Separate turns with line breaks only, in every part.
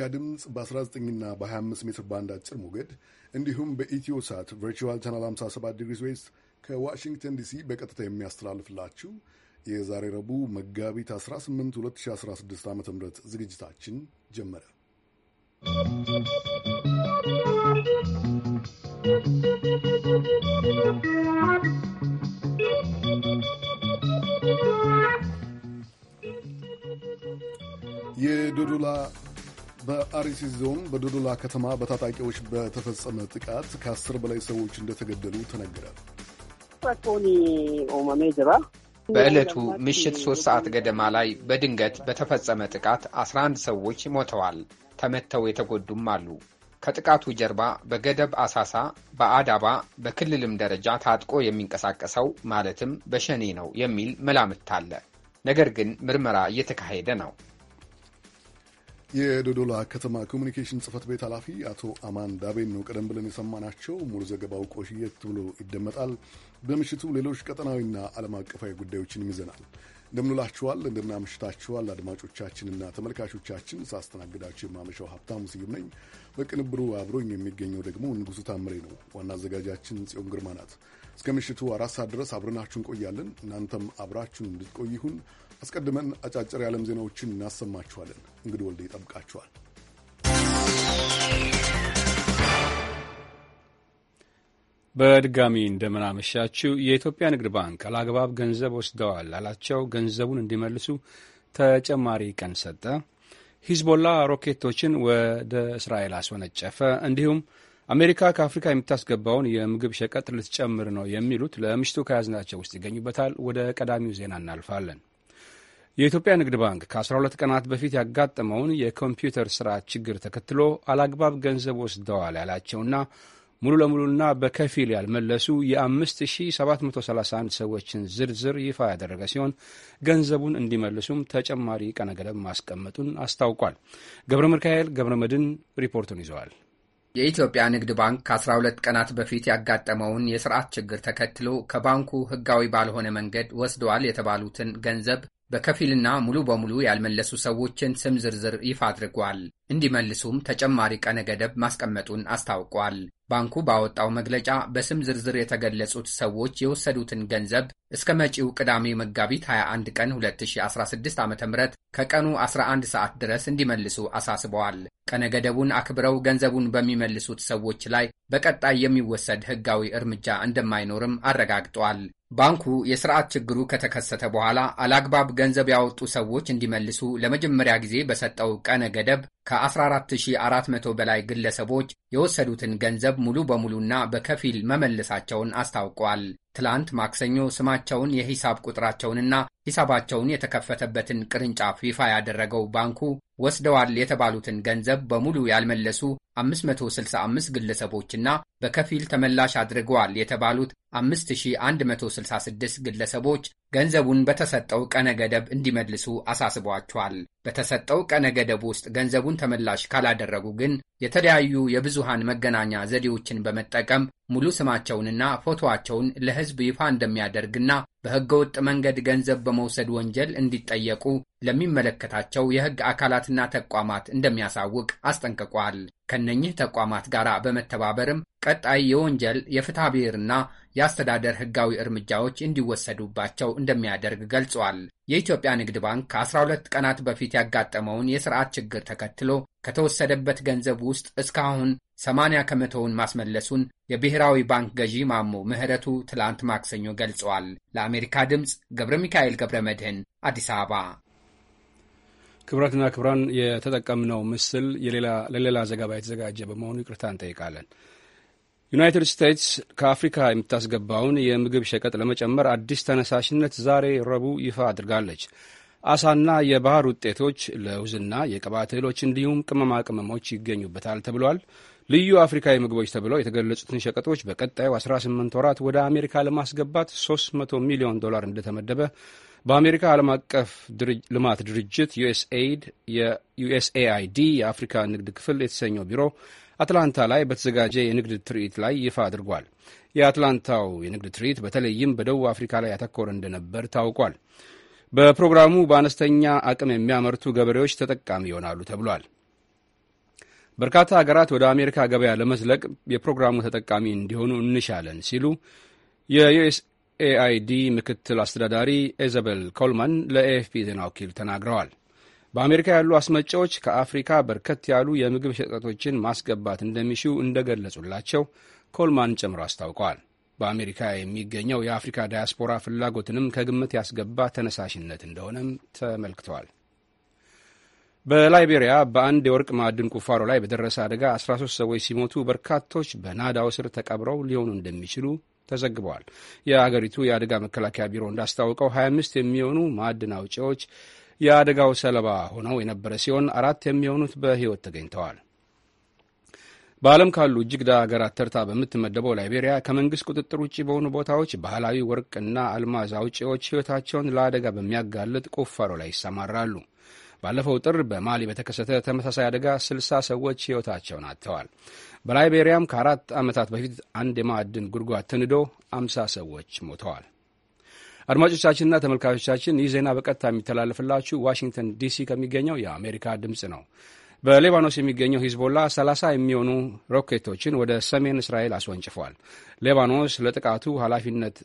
የአሜሪካ ድምፅ በ19ና በ25 ሜትር ባንድ አጭር ሞገድ እንዲሁም በኢትዮ ሳት ቨርቹዋል ቻናል 57 ዲግሪ ዌስት ከዋሽንግተን ዲሲ በቀጥታ የሚያስተላልፍላችሁ የዛሬ ረቡዕ መጋቢት 18 2016 ዓ ም ዝግጅታችን ጀመረ። የዶዶላ በአርሲ ዞን በዶዶላ ከተማ በታጣቂዎች በተፈጸመ ጥቃት ከአስር በላይ ሰዎች እንደተገደሉ ተነገረ። በዕለቱ ምሽት ሶስት ሰዓት ገደማ
ላይ በድንገት በተፈጸመ ጥቃት 11 ሰዎች ሞተዋል። ተመተው የተጎዱም አሉ። ከጥቃቱ ጀርባ በገደብ አሳሳ፣ በአዳባ በክልልም ደረጃ ታጥቆ የሚንቀሳቀሰው ማለትም በሸኔ ነው የሚል መላምት አለ። ነገር ግን ምርመራ እየተካሄደ ነው።
የዶዶላ ከተማ ኮሚኒኬሽን ጽህፈት ቤት ኃላፊ አቶ አማን ዳቤን ነው ቀደም ብለን የሰማናቸው። ሙሉ ዘገባው ቆሽየት ብሎ ይደመጣል። በምሽቱ ሌሎች ቀጠናዊና ዓለም አቀፋዊ ጉዳዮችንም ይዘናል። እንደምንላችኋል፣ እንደምናምሽታችኋል አድማጮቻችንና ተመልካቾቻችን ሳስተናግዳችሁ የማመሻው ሀብታሙ ስዩም ነኝ። በቅንብሩ አብሮኝ የሚገኘው ደግሞ ንጉሱ ታምሬ ነው። ዋና አዘጋጃችን ጽዮን ግርማ ናት። እስከ ምሽቱ አራት ሰዓት ድረስ አብረናችሁ እንቆያለን። እናንተም አብራችሁን እንድትቆይ ይሁን። አስቀድመን አጫጭር የዓለም ዜናዎችን እናሰማችኋለን። እንግዲህ ወልደ ይጠብቃችኋል።
በድጋሚ እንደምናመሻችው የኢትዮጵያ ንግድ ባንክ አላግባብ ገንዘብ ወስደዋል ላላቸው ገንዘቡን እንዲመልሱ ተጨማሪ ቀን ሰጠ። ሂዝቦላ ሮኬቶችን ወደ እስራኤል አስወነጨፈ። እንዲሁም አሜሪካ ከአፍሪካ የምታስገባውን የምግብ ሸቀጥ ልትጨምር ነው የሚሉት ለምሽቱ ከያዝናቸው ውስጥ ይገኙበታል። ወደ ቀዳሚው ዜና እናልፋለን። የኢትዮጵያ ንግድ ባንክ ከ12 ቀናት በፊት ያጋጠመውን የኮምፒውተር ስርዓት ችግር ተከትሎ አላግባብ ገንዘብ ወስደዋል ያላቸውና ሙሉ ለሙሉና በከፊል ያልመለሱ የ5731 ሰዎችን ዝርዝር ይፋ ያደረገ ሲሆን ገንዘቡን እንዲመልሱም ተጨማሪ
ቀነገደብ ማስቀመጡን አስታውቋል። ገብረ ሚካኤል ገብረ መድን ሪፖርቱን ይዘዋል። የኢትዮጵያ ንግድ ባንክ ከ12 ቀናት በፊት ያጋጠመውን የስርዓት ችግር ተከትሎ ከባንኩ ሕጋዊ ባልሆነ መንገድ ወስደዋል የተባሉትን ገንዘብ በከፊልና ሙሉ በሙሉ ያልመለሱ ሰዎችን ስም ዝርዝር ይፋ አድርጓል። እንዲመልሱም ተጨማሪ ቀነ ገደብ ማስቀመጡን አስታውቋል። ባንኩ ባወጣው መግለጫ በስም ዝርዝር የተገለጹት ሰዎች የወሰዱትን ገንዘብ እስከ መጪው ቅዳሜ መጋቢት 21 ቀን 2016 ዓ ም ከቀኑ 11 ሰዓት ድረስ እንዲመልሱ አሳስበዋል። ቀነ ገደቡን አክብረው ገንዘቡን በሚመልሱት ሰዎች ላይ በቀጣይ የሚወሰድ ሕጋዊ እርምጃ እንደማይኖርም አረጋግጧል። ባንኩ የስርዓት ችግሩ ከተከሰተ በኋላ አላግባብ ገንዘብ ያወጡ ሰዎች እንዲመልሱ ለመጀመሪያ ጊዜ በሰጠው ቀነ ገደብ ከ14400 በላይ ግለሰቦች የወሰዱትን ገንዘብ ሙሉ በሙሉና በከፊል መመለሳቸውን አስታውቋል። ትላንት ማክሰኞ ስማቸውን የሂሳብ ቁጥራቸውንና ሂሳባቸውን የተከፈተበትን ቅርንጫፍ ይፋ ያደረገው ባንኩ ወስደዋል የተባሉትን ገንዘብ በሙሉ ያልመለሱ 565 ግለሰቦችና በከፊል ተመላሽ አድርገዋል የተባሉት 5166 ግለሰቦች ገንዘቡን በተሰጠው ቀነ ገደብ እንዲመልሱ አሳስቧቸዋል። በተሰጠው ቀነ ገደብ ውስጥ ገንዘቡን ተመላሽ ካላደረጉ ግን የተለያዩ የብዙ የብዙሃን መገናኛ ዘዴዎችን በመጠቀም ሙሉ ስማቸውንና ፎቶዋቸውን ለሕዝብ ይፋ እንደሚያደርግና በሕገወጥ መንገድ ገንዘብ በመውሰድ ወንጀል እንዲጠየቁ ለሚመለከታቸው የሕግ አካላትና ተቋማት እንደሚያሳውቅ አስጠንቅቋል። ከነኚህ ተቋማት ጋር በመተባበርም ቀጣይ የወንጀል የፍትሐ ብሔርና የአስተዳደር ሕጋዊ እርምጃዎች እንዲወሰዱባቸው እንደሚያደርግ ገልጿል። የኢትዮጵያ ንግድ ባንክ ከ12 ቀናት በፊት ያጋጠመውን የሥርዓት ችግር ተከትሎ ከተወሰደበት ገንዘብ ውስጥ እስካሁን 80 ከመቶውን ማስመለሱን የብሔራዊ ባንክ ገዢ ማሞ ምህረቱ ትላንት ማክሰኞ ገልጸዋል። ለአሜሪካ ድምፅ ገብረ ሚካኤል ገብረ መድህን አዲስ አበባ።
ክብረትና ክብራን የተጠቀምነው ምስል ለሌላ ዘገባ የተዘጋጀ በመሆኑ ይቅርታ እንጠይቃለን። ዩናይትድ ስቴትስ ከአፍሪካ የምታስገባውን የምግብ ሸቀጥ ለመጨመር አዲስ ተነሳሽነት ዛሬ ረቡዕ ይፋ አድርጋለች። አሳና የባህር ውጤቶች፣ ለውዝና የቅባት እህሎች እንዲሁም ቅመማ ቅመሞች ይገኙበታል ተብሏል። ልዩ አፍሪካዊ ምግቦች ተብለው የተገለጹትን ሸቀጦች በቀጣዩ 18 ወራት ወደ አሜሪካ ለማስገባት 300 ሚሊዮን ዶላር እንደተመደበ በአሜሪካ ዓለም አቀፍ ልማት ድርጅት ዩኤስኤአይዲ የአፍሪካ ንግድ ክፍል የተሰኘው ቢሮ አትላንታ ላይ በተዘጋጀ የንግድ ትርኢት ላይ ይፋ አድርጓል። የአትላንታው የንግድ ትርኢት በተለይም በደቡብ አፍሪካ ላይ ያተኮረ እንደነበር ታውቋል። በፕሮግራሙ በአነስተኛ አቅም የሚያመርቱ ገበሬዎች ተጠቃሚ ይሆናሉ ተብሏል። በርካታ ሀገራት ወደ አሜሪካ ገበያ ለመዝለቅ የፕሮግራሙ ተጠቃሚ እንዲሆኑ እንሻለን ሲሉ ኤአይዲ ምክትል አስተዳዳሪ ኤዘበል ኮልማን ለኤኤፍፒ ዜና ወኪል ተናግረዋል። በአሜሪካ ያሉ አስመጪዎች ከአፍሪካ በርከት ያሉ የምግብ ሸቀጦችን ማስገባት እንደሚሹ እንደገለጹላቸው ኮልማን ጨምሮ አስታውቀዋል። በአሜሪካ የሚገኘው የአፍሪካ ዳያስፖራ ፍላጎትንም ከግምት ያስገባ ተነሳሽነት እንደሆነም ተመልክተዋል። በላይቤሪያ በአንድ የወርቅ ማዕድን ቁፋሮ ላይ በደረሰ አደጋ 13 ሰዎች ሲሞቱ በርካቶች በናዳው ስር ተቀብረው ሊሆኑ እንደሚችሉ ተዘግበዋል። የአገሪቱ የአደጋ መከላከያ ቢሮ እንዳስታወቀው 25 የሚሆኑ ማዕድን አውጪዎች የአደጋው ሰለባ ሆነው የነበረ ሲሆን አራት የሚሆኑት በሕይወት ተገኝተዋል። በዓለም ካሉ እጅግ ድሃ ተርታ በምትመደበው ላይቤሪያ ከመንግሥት ቁጥጥር ውጭ በሆኑ ቦታዎች ባህላዊ ወርቅና አልማዝ አውጪዎች ሕይወታቸውን ለአደጋ በሚያጋልጥ ቁፋሮ ላይ ይሰማራሉ። ባለፈው ጥር በማሊ በተከሰተ ተመሳሳይ አደጋ ስልሳ ሰዎች ሕይወታቸውን አጥተዋል። በላይቤሪያም ከአራት ዓመታት በፊት አንድ የማዕድን ጉድጓድ ተንዶ አምሳ ሰዎች ሞተዋል። አድማጮቻችንና ተመልካቾቻችን ይህ ዜና በቀጥታ የሚተላለፍላችሁ ዋሽንግተን ዲሲ ከሚገኘው የአሜሪካ ድምፅ ነው። በሌባኖስ የሚገኘው ሂዝቦላ 30 የሚሆኑ ሮኬቶችን ወደ ሰሜን እስራኤል አስወንጭፏል። ሌባኖስ ለጥቃቱ ኃላፊነት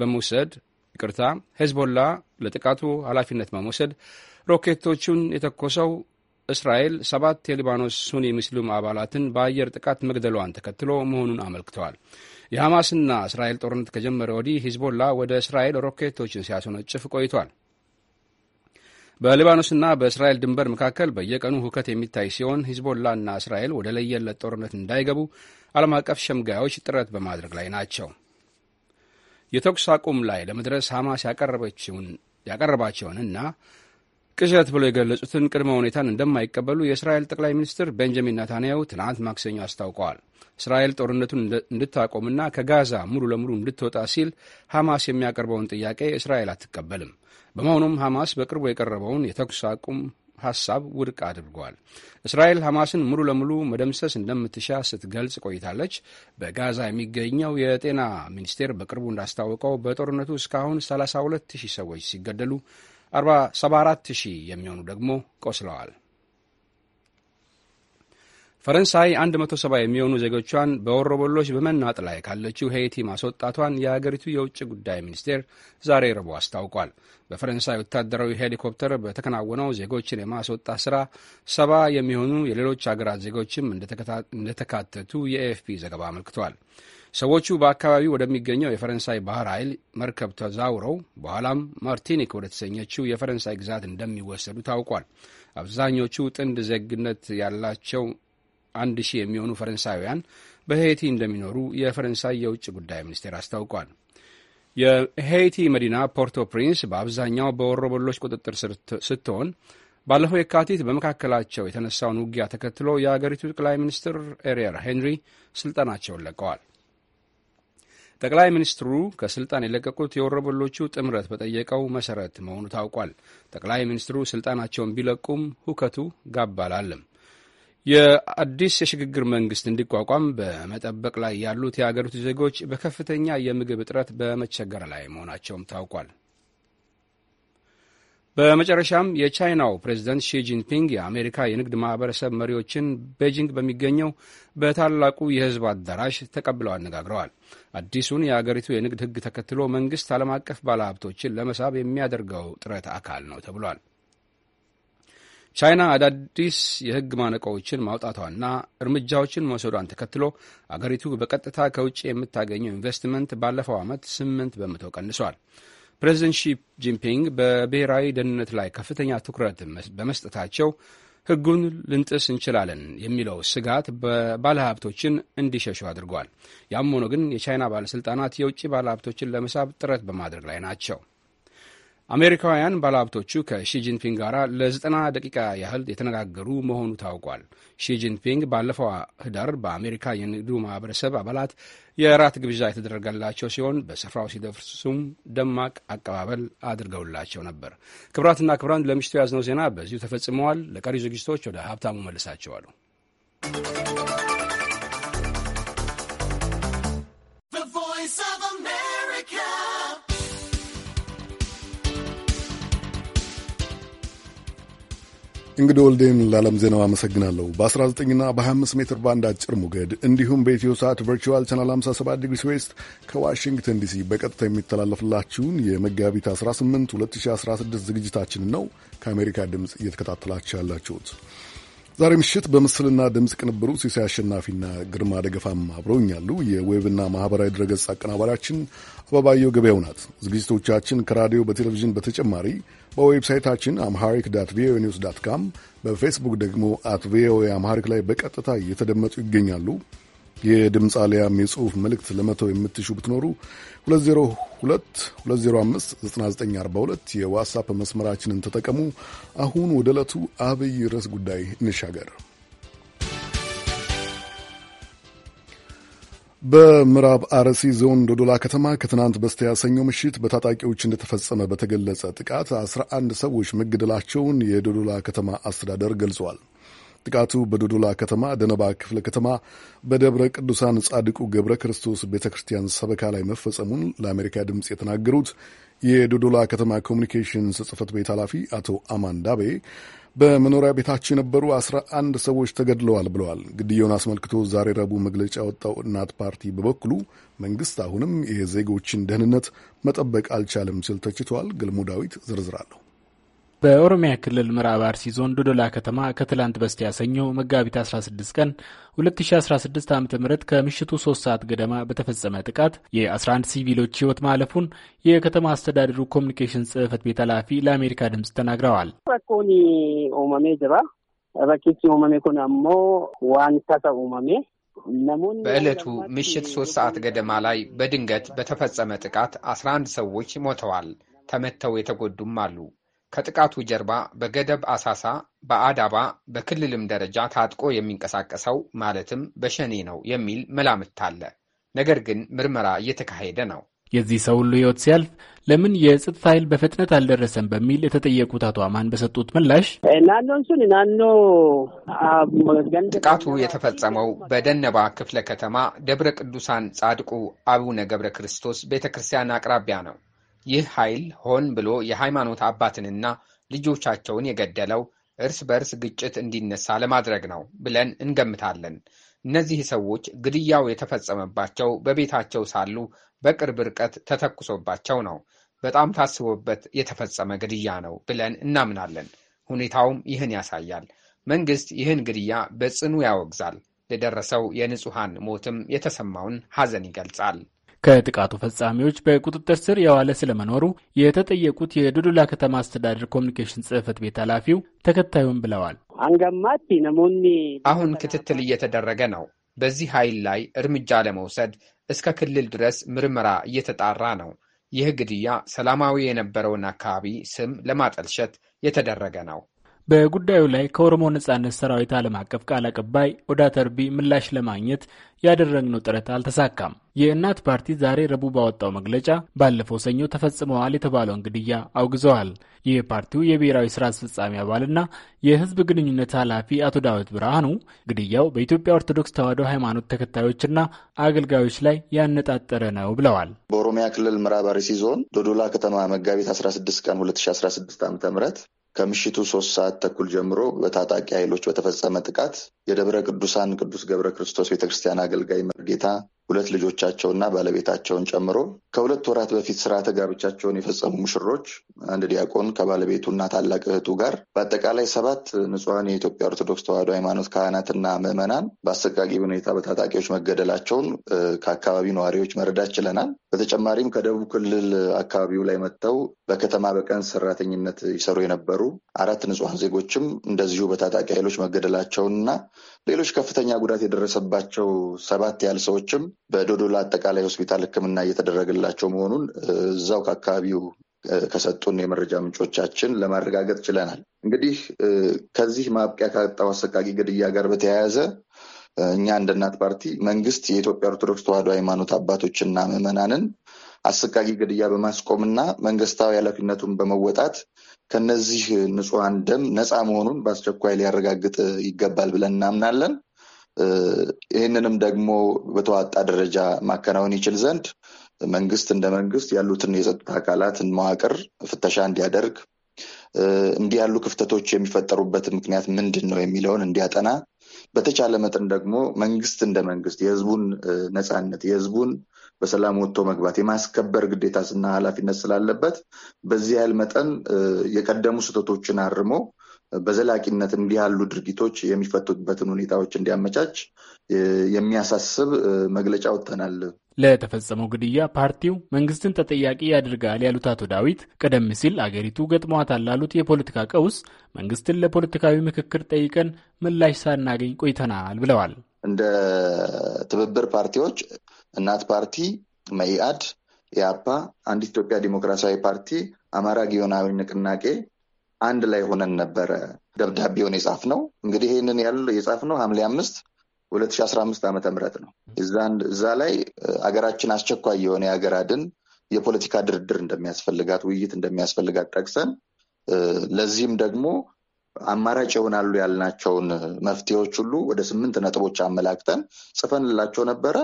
በመውሰድ ይቅርታ ሂዝቦላ ለጥቃቱ ኃላፊነት በመውሰድ ሮኬቶቹን የተኮሰው እስራኤል ሰባት የሊባኖስ ሱኒ ሙስሊም አባላትን በአየር ጥቃት መግደሏን ተከትሎ መሆኑን አመልክተዋል። የሐማስና እስራኤል ጦርነት ከጀመረ ወዲህ ሂዝቦላ ወደ እስራኤል ሮኬቶችን ሲያስወነጭፍ ቆይቷል። በሊባኖስና በእስራኤል ድንበር መካከል በየቀኑ ሁከት የሚታይ ሲሆን ሂዝቦላና እስራኤል ወደ ለየለት ጦርነት እንዳይገቡ ዓለም አቀፍ ሸምጋዮች ጥረት በማድረግ ላይ ናቸው። የተኩስ አቁም ላይ ለመድረስ ሐማስ ያቀረባቸውንና ቅዠት ብሎ የገለጹትን ቅድመ ሁኔታን እንደማይቀበሉ የእስራኤል ጠቅላይ ሚኒስትር ቤንጃሚን ናታንያሁ ትናንት ማክሰኞ አስታውቀዋል። እስራኤል ጦርነቱን እንድታቆምና ከጋዛ ሙሉ ለሙሉ እንድትወጣ ሲል ሐማስ የሚያቀርበውን ጥያቄ እስራኤል አትቀበልም። በመሆኑም ሐማስ በቅርቡ የቀረበውን የተኩስ አቁም ሐሳብ ውድቅ አድርጓል። እስራኤል ሐማስን ሙሉ ለሙሉ መደምሰስ እንደምትሻ ስትገልጽ ቆይታለች። በጋዛ የሚገኘው የጤና ሚኒስቴር በቅርቡ እንዳስታወቀው በጦርነቱ እስካሁን 32 ሺህ ሰዎች ሲገደሉ 474 ሺህ የሚሆኑ ደግሞ ቆስለዋል። ፈረንሳይ 170 የሚሆኑ ዜጎቿን በወሮበሎች በመናጥ ላይ ካለችው ሄይቲ ማስወጣቷን የአገሪቱ የውጭ ጉዳይ ሚኒስቴር ዛሬ ረቡዕ አስታውቋል። በፈረንሳይ ወታደራዊ ሄሊኮፕተር በተከናወነው ዜጎችን የማስወጣት ሥራ ሰባ የሚሆኑ የሌሎች አገራት ዜጎችም እንደተካተቱ የኤኤፍፒ ዘገባ አመልክቷል። ሰዎቹ በአካባቢው ወደሚገኘው የፈረንሳይ ባህር ኃይል መርከብ ተዛውረው በኋላም ማርቲኒክ ወደተሰኘችው የፈረንሳይ ግዛት እንደሚወሰዱ ታውቋል። አብዛኞቹ ጥንድ ዜግነት ያላቸው አንድ ሺህ የሚሆኑ ፈረንሳውያን በሄይቲ እንደሚኖሩ የፈረንሳይ የውጭ ጉዳይ ሚኒስቴር አስታውቋል። የሄይቲ መዲና ፖርቶ ፕሪንስ በአብዛኛው በወሮበሎች ቁጥጥር ስትሆን ባለፈው የካቲት በመካከላቸው የተነሳውን ውጊያ ተከትሎ የአገሪቱ ጠቅላይ ሚኒስትር ኤሪየር ሄንሪ ስልጣናቸውን ለቀዋል። ጠቅላይ ሚኒስትሩ ከስልጣን የለቀቁት የወሮበሎቹ ጥምረት በጠየቀው መሰረት መሆኑ ታውቋል። ጠቅላይ ሚኒስትሩ ስልጣናቸውን ቢለቁም ሁከቱ ጋብ አላለም። የአዲስ የሽግግር መንግስት እንዲቋቋም በመጠበቅ ላይ ያሉት የአገሪቱ ዜጎች በከፍተኛ የምግብ እጥረት በመቸገር ላይ መሆናቸውም ታውቋል። በመጨረሻም የቻይናው ፕሬዚደንት ሺጂንፒንግ የአሜሪካ የንግድ ማህበረሰብ መሪዎችን ቤጂንግ በሚገኘው በታላቁ የህዝብ አዳራሽ ተቀብለው አነጋግረዋል። አዲሱን የአገሪቱ የንግድ ህግ ተከትሎ መንግስት ዓለም አቀፍ ባለሀብቶችን ለመሳብ የሚያደርገው ጥረት አካል ነው ተብሏል። ቻይና አዳዲስ የህግ ማነቆዎችን ማውጣቷና እርምጃዎችን መውሰዷን ተከትሎ አገሪቱ በቀጥታ ከውጭ የምታገኘው ኢንቨስትመንት ባለፈው ዓመት ስምንት በመቶ ቀንሷል። ፕሬዚደንት ሺ ጂንፒንግ በብሔራዊ ደህንነት ላይ ከፍተኛ ትኩረት በመስጠታቸው ሕጉን ልንጥስ እንችላለን የሚለው ስጋት ባለሀብቶችን እንዲሸሹ አድርጓል። ያም ሆኖ ግን የቻይና ባለሥልጣናት የውጭ ባለሀብቶችን ለመሳብ ጥረት በማድረግ ላይ ናቸው። አሜሪካውያን ባለሀብቶቹ ከሺጂንፒንግ ጋር ለ90 ደቂቃ ያህል የተነጋገሩ መሆኑ ታውቋል። ሺጂንፒንግ ባለፈው ህዳር በአሜሪካ የንግዱ ማህበረሰብ አባላት የራት ግብዣ የተደረገላቸው ሲሆን በስፍራው ሲደርሱም ደማቅ አቀባበል አድርገውላቸው ነበር። ክብራትና ክብራን ለምሽቱ የያዝነው ዜና በዚሁ ተፈጽመዋል። ለቀሪ ዝግጅቶች ወደ ሀብታሙ መልሳቸዋሉ።
እንግዲህ ወልዴን ለዓለም ዜናው አመሰግናለሁ። በ19ና በ25 ሜትር ባንድ አጭር ሞገድ እንዲሁም በኢትዮ ሰዓት ቨርቹዋል ቻናል 57 ዲግሪ ስዌስት ከዋሽንግተን ዲሲ በቀጥታ የሚተላለፍላችሁን የመጋቢት 18 2016 ዝግጅታችንን ነው ከአሜሪካ ድምፅ እየተከታተላችሁ ያላችሁት። ዛሬ ምሽት በምስልና ድምፅ ቅንብሩ ሲሳይ አሸናፊና ግርማ ደገፋም አብረውኛሉ። የዌብና ማህበራዊ ድረገጽ አቀናባሪያችን አበባየው ገበያው ናት። ዝግጅቶቻችን ከራዲዮ በቴሌቪዥን በተጨማሪ በዌብሳይታችን አምሃሪክ ዳት ቪኦኤ ኒውስ ዳት ካም፣ በፌስቡክ ደግሞ አት ቪኦኤ አምሃሪክ ላይ በቀጥታ እየተደመጡ ይገኛሉ። የድምፅ አሊያም የጽሑፍ መልእክት ለመተው የምትሹ ብትኖሩ 2022059942 የዋትሳፕ መስመራችንን ተጠቀሙ። አሁን ወደ ዕለቱ አብይ ርዕስ ጉዳይ እንሻገር። በምዕራብ አርሲ ዞን ዶዶላ ከተማ ከትናንት በስቲያ ሰኞ ምሽት በታጣቂዎች እንደተፈጸመ በተገለጸ ጥቃት አስራ አንድ ሰዎች መገደላቸውን የዶዶላ ከተማ አስተዳደር ገልጿል። ጥቃቱ በዶዶላ ከተማ ደነባ ክፍለ ከተማ በደብረ ቅዱሳን ጻድቁ ገብረ ክርስቶስ ቤተ ክርስቲያን ሰበካ ላይ መፈጸሙን ለአሜሪካ ድምፅ የተናገሩት የዶዶላ ከተማ ኮሚኒኬሽንስ ጽሕፈት ቤት ኃላፊ አቶ አማን ዳቤ በመኖሪያ ቤታቸው የነበሩ አስራ አንድ ሰዎች ተገድለዋል ብለዋል። ግድያውን አስመልክቶ ዛሬ ረቡዕ መግለጫ ያወጣው እናት ፓርቲ በበኩሉ መንግስት አሁንም የዜጎችን ደህንነት መጠበቅ አልቻለም ሲል ተችቷል ገልሞ ዳዊት ዝርዝራለሁ በኦሮሚያ ክልል
ምዕራብ አርሲ ዞን ዶዶላ ከተማ ከትላንት በስቲያ ሰኞ መጋቢት 16 ቀን 2016 ዓ ም ከምሽቱ 3 ሰዓት ገደማ በተፈጸመ ጥቃት የ11 ሲቪሎች ሕይወት ማለፉን የከተማ አስተዳደሩ ኮሚኒኬሽን ጽህፈት ቤት ኃላፊ ለአሜሪካ ድምፅ ተናግረዋል።
ረኮኒ
ኦመሜ ጅራ ረኪሲ ኦመሜ ኩን አሞ ዋንታተ ኦመሜ
በዕለቱ
ምሽት ሶስት ሰዓት ገደማ ላይ በድንገት በተፈጸመ ጥቃት 11 ሰዎች ሞተዋል። ተመተው የተጎዱም አሉ። ከጥቃቱ ጀርባ በገደብ አሳሳ፣ በአዳባ በክልልም ደረጃ ታጥቆ የሚንቀሳቀሰው ማለትም በሸኔ ነው የሚል መላምት አለ። ነገር ግን ምርመራ እየተካሄደ ነው።
የዚህ ሰው ሁሉ ሕይወት ሲያልፍ ለምን የጸጥታ ኃይል በፍጥነት አልደረሰም? በሚል የተጠየቁት አቶ አማን በሰጡት ምላሽ
ጥቃቱ የተፈጸመው በደነባ ክፍለ ከተማ ደብረ ቅዱሳን ጻድቁ አቡነ ገብረ ክርስቶስ ቤተ ክርስቲያን አቅራቢያ ነው። ይህ ኃይል ሆን ብሎ የሃይማኖት አባትንና ልጆቻቸውን የገደለው እርስ በርስ ግጭት እንዲነሳ ለማድረግ ነው ብለን እንገምታለን። እነዚህ ሰዎች ግድያው የተፈጸመባቸው በቤታቸው ሳሉ በቅርብ ርቀት ተተኩሶባቸው ነው። በጣም ታስቦበት የተፈጸመ ግድያ ነው ብለን እናምናለን። ሁኔታውም ይህን ያሳያል። መንግስት ይህን ግድያ በጽኑ ያወግዛል። ለደረሰው የንጹሐን ሞትም የተሰማውን ሐዘን ይገልጻል።
ከጥቃቱ ፈጻሚዎች በቁጥጥር ስር የዋለ ስለመኖሩ የተጠየቁት የዶዶላ ከተማ አስተዳደር ኮሚኒኬሽን ጽህፈት ቤት ኃላፊው ተከታዩም ብለዋል።
አንገማቲ ነሞኒ አሁን ክትትል እየተደረገ ነው። በዚህ ኃይል ላይ እርምጃ ለመውሰድ እስከ ክልል ድረስ ምርመራ እየተጣራ ነው። ይህ ግድያ ሰላማዊ የነበረውን አካባቢ ስም ለማጠልሸት የተደረገ ነው።
በጉዳዩ ላይ ከኦሮሞ ነጻነት ሰራዊት ዓለም አቀፍ ቃል አቀባይ ኦዳ ተርቢ ምላሽ ለማግኘት ያደረግነው ጥረት አልተሳካም። የእናት ፓርቲ ዛሬ ረቡዕ ባወጣው መግለጫ ባለፈው ሰኞ ተፈጽመዋል የተባለውን ግድያ አውግዘዋል። የፓርቲው የብሔራዊ ስራ አስፈጻሚ አባልና የህዝብ ግንኙነት ኃላፊ አቶ ዳዊት ብርሃኑ ግድያው በኢትዮጵያ ኦርቶዶክስ ተዋሕዶ ሃይማኖት ተከታዮችና አገልጋዮች ላይ ያነጣጠረ ነው ብለዋል።
በኦሮሚያ ክልል ምዕራብ አርሲ ዞን ዶዶላ ከተማ መጋቢት 16 ቀን 2016 ዓ ም ከምሽቱ ሶስት ሰዓት ተኩል ጀምሮ በታጣቂ ኃይሎች በተፈጸመ ጥቃት የደብረ ቅዱሳን ቅዱስ ገብረ ክርስቶስ ቤተክርስቲያን አገልጋይ መርጌታ ሁለት ልጆቻቸውና ባለቤታቸውን ጨምሮ ከሁለት ወራት በፊት ስርዓተ ጋብቻቸውን የፈጸሙ ሙሽሮች አንድ ዲያቆን ከባለቤቱና ታላቅ እህቱ ጋር በአጠቃላይ ሰባት ንጹሐን የኢትዮጵያ ኦርቶዶክስ ተዋሕዶ ሃይማኖት ካህናትና ምዕመናን በአሰቃቂ ሁኔታ በታጣቂዎች መገደላቸውን ከአካባቢ ነዋሪዎች መረዳት ችለናል። በተጨማሪም ከደቡብ ክልል አካባቢው ላይ መጥተው በከተማ በቀን ሰራተኝነት ይሰሩ የነበሩ አራት ንጹሐን ዜጎችም እንደዚሁ በታጣቂ ኃይሎች መገደላቸውንና ሌሎች ከፍተኛ ጉዳት የደረሰባቸው ሰባት ያህል ሰዎችም በዶዶላ አጠቃላይ ሆስፒታል ሕክምና እየተደረገላቸው መሆኑን እዛው ከአካባቢው ከሰጡን የመረጃ ምንጮቻችን ለማረጋገጥ ችለናል። እንግዲህ ከዚህ ማብቂያ ካጣው አሰቃቂ ግድያ ጋር በተያያዘ እኛ እንደ እናት ፓርቲ መንግስት የኢትዮጵያ ኦርቶዶክስ ተዋሕዶ ሃይማኖት አባቶችና ምዕመናንን አሰቃቂ ግድያ በማስቆምና መንግስታዊ ኃላፊነቱን በመወጣት ከነዚህ ንጹሐን ደም ነፃ መሆኑን በአስቸኳይ ሊያረጋግጥ ይገባል ብለን እናምናለን። ይህንንም ደግሞ በተዋጣ ደረጃ ማከናወን ይችል ዘንድ መንግስት እንደ መንግስት ያሉትን የጸጥታ አካላትን መዋቅር ፍተሻ እንዲያደርግ እንዲህ ያሉ ክፍተቶች የሚፈጠሩበት ምክንያት ምንድን ነው የሚለውን እንዲያጠና በተቻለ መጠን ደግሞ መንግስት እንደ መንግስት የህዝቡን ነፃነት የህዝቡን በሰላም ወጥቶ መግባት የማስከበር ግዴታ ስና ኃላፊነት ስላለበት በዚህ ያህል መጠን የቀደሙ ስህተቶችን አርሞ በዘላቂነት እንዲህ ያሉ ድርጊቶች የሚፈቱበትን ሁኔታዎች እንዲያመቻች የሚያሳስብ መግለጫ ወጥተናል።
ለተፈጸመው ግድያ ፓርቲው መንግስትን ተጠያቂ ያደርጋል ያሉት አቶ ዳዊት ቀደም ሲል አገሪቱ ገጥሟታል ላሉት የፖለቲካ ቀውስ መንግስትን ለፖለቲካዊ ምክክር ጠይቀን ምላሽ ሳናገኝ ቆይተናል ብለዋል።
እንደ ትብብር ፓርቲዎች እናት ፓርቲ፣ መኢአድ፣ ኢያፓ፣ አንዲት ኢትዮጵያ ዲሞክራሲያዊ ፓርቲ፣ አማራ ጊዮናዊ ንቅናቄ አንድ ላይ ሆነን ነበረ ደብዳቤውን የጻፍ ነው። እንግዲህ ይህንን ያለ የጻፍ ነው ሐምሌ አምስት 2015 ዓመተ ምህረት ነው። እዛ ላይ አገራችን አስቸኳይ የሆነ የሀገር አድን የፖለቲካ ድርድር እንደሚያስፈልጋት፣ ውይይት እንደሚያስፈልጋት ጠቅሰን ለዚህም ደግሞ አማራጭ ይሆናሉ ያልናቸውን መፍትሄዎች ሁሉ ወደ ስምንት ነጥቦች አመላክተን ጽፈንላቸው ነበረ።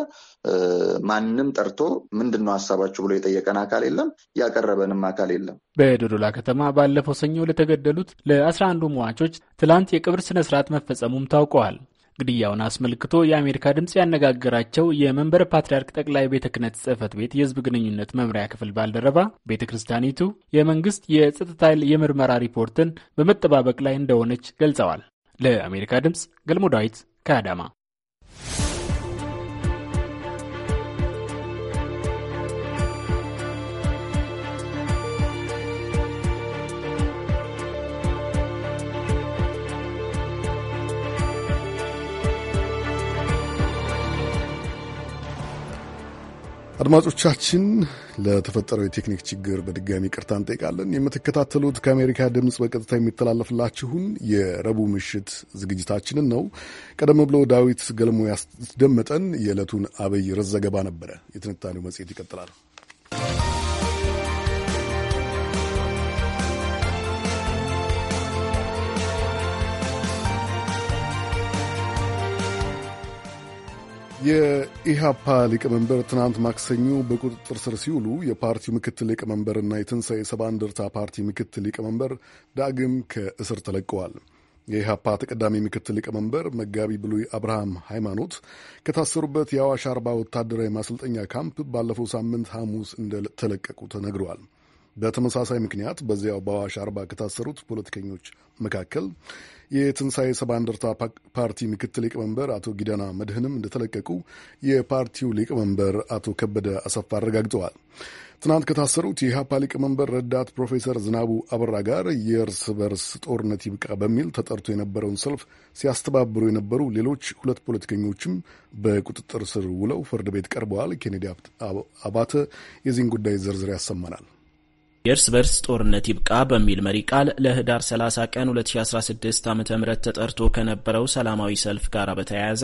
ማንም ጠርቶ ምንድን ነው ሀሳባችሁ ብሎ የጠየቀን አካል የለም፣ ያቀረበንም አካል የለም።
በዶዶላ ከተማ ባለፈው ሰኞ ለተገደሉት ለአስራ አንዱ ሟቾች ትላንት የቅብር ስነስርዓት መፈጸሙም ታውቀዋል። ግድያውን አስመልክቶ የአሜሪካ ድምፅ ያነጋገራቸው የመንበረ ፓትርያርክ ጠቅላይ ቤተ ክህነት ጽህፈት ቤት የህዝብ ግንኙነት መምሪያ ክፍል ባልደረባ ቤተ ክርስቲያኒቱ የመንግስት የጸጥታ ኃይል የምርመራ ሪፖርትን በመጠባበቅ ላይ እንደሆነች ገልጸዋል። ለአሜሪካ ድምፅ ገልሞ ዳዊት ከአዳማ
አድማጮቻችን ለተፈጠረው የቴክኒክ ችግር በድጋሚ ቅርታ እንጠይቃለን። የምትከታተሉት ከአሜሪካ ድምፅ በቀጥታ የሚተላለፍላችሁን የረቡዕ ምሽት ዝግጅታችንን ነው። ቀደም ብሎ ዳዊት ገልሞ ያስደመጠን የዕለቱን አብይ ርዕስ ዘገባ ነበረ። የትንታኔው መጽሔት ይቀጥላል። የኢሃፓ ሊቀመንበር ትናንት ማክሰኞ በቁጥጥር ስር ሲውሉ የፓርቲው ምክትል ሊቀመንበርና የትንሣኤ ሰባ እንደርታ ፓርቲ ምክትል ሊቀመንበር ዳግም ከእስር ተለቀዋል። የኢሃፓ ተቀዳሚ ምክትል ሊቀመንበር መጋቢ ብሉይ አብርሃም ሃይማኖት ከታሰሩበት የአዋሽ አርባ ወታደራዊ ማሰልጠኛ ካምፕ ባለፈው ሳምንት ሐሙስ እንደተለቀቁ ተነግረዋል። በተመሳሳይ ምክንያት በዚያው በአዋሽ አርባ ከታሰሩት ፖለቲከኞች መካከል የትንሣኤ ሰባ እንደርታ ፓርቲ ምክትል ሊቀመንበር አቶ ጊዳና መድህንም እንደተለቀቁ የፓርቲው ሊቀመንበር አቶ ከበደ አሰፋ አረጋግጠዋል። ትናንት ከታሰሩት የኢህአፓ ሊቀመንበር ረዳት ፕሮፌሰር ዝናቡ አበራ ጋር የእርስ በርስ ጦርነት ይብቃ በሚል ተጠርቶ የነበረውን ሰልፍ ሲያስተባብሩ የነበሩ ሌሎች ሁለት ፖለቲከኞችም በቁጥጥር ስር ውለው ፍርድ ቤት ቀርበዋል። ኬኔዲ አባተ የዚህን ጉዳይ ዝርዝር ያሰማናል።
የእርስ በርስ ጦርነት ይብቃ በሚል መሪ ቃል ለህዳር 30 ቀን 2016 ዓ ም ተጠርቶ ከነበረው ሰላማዊ ሰልፍ ጋር በተያያዘ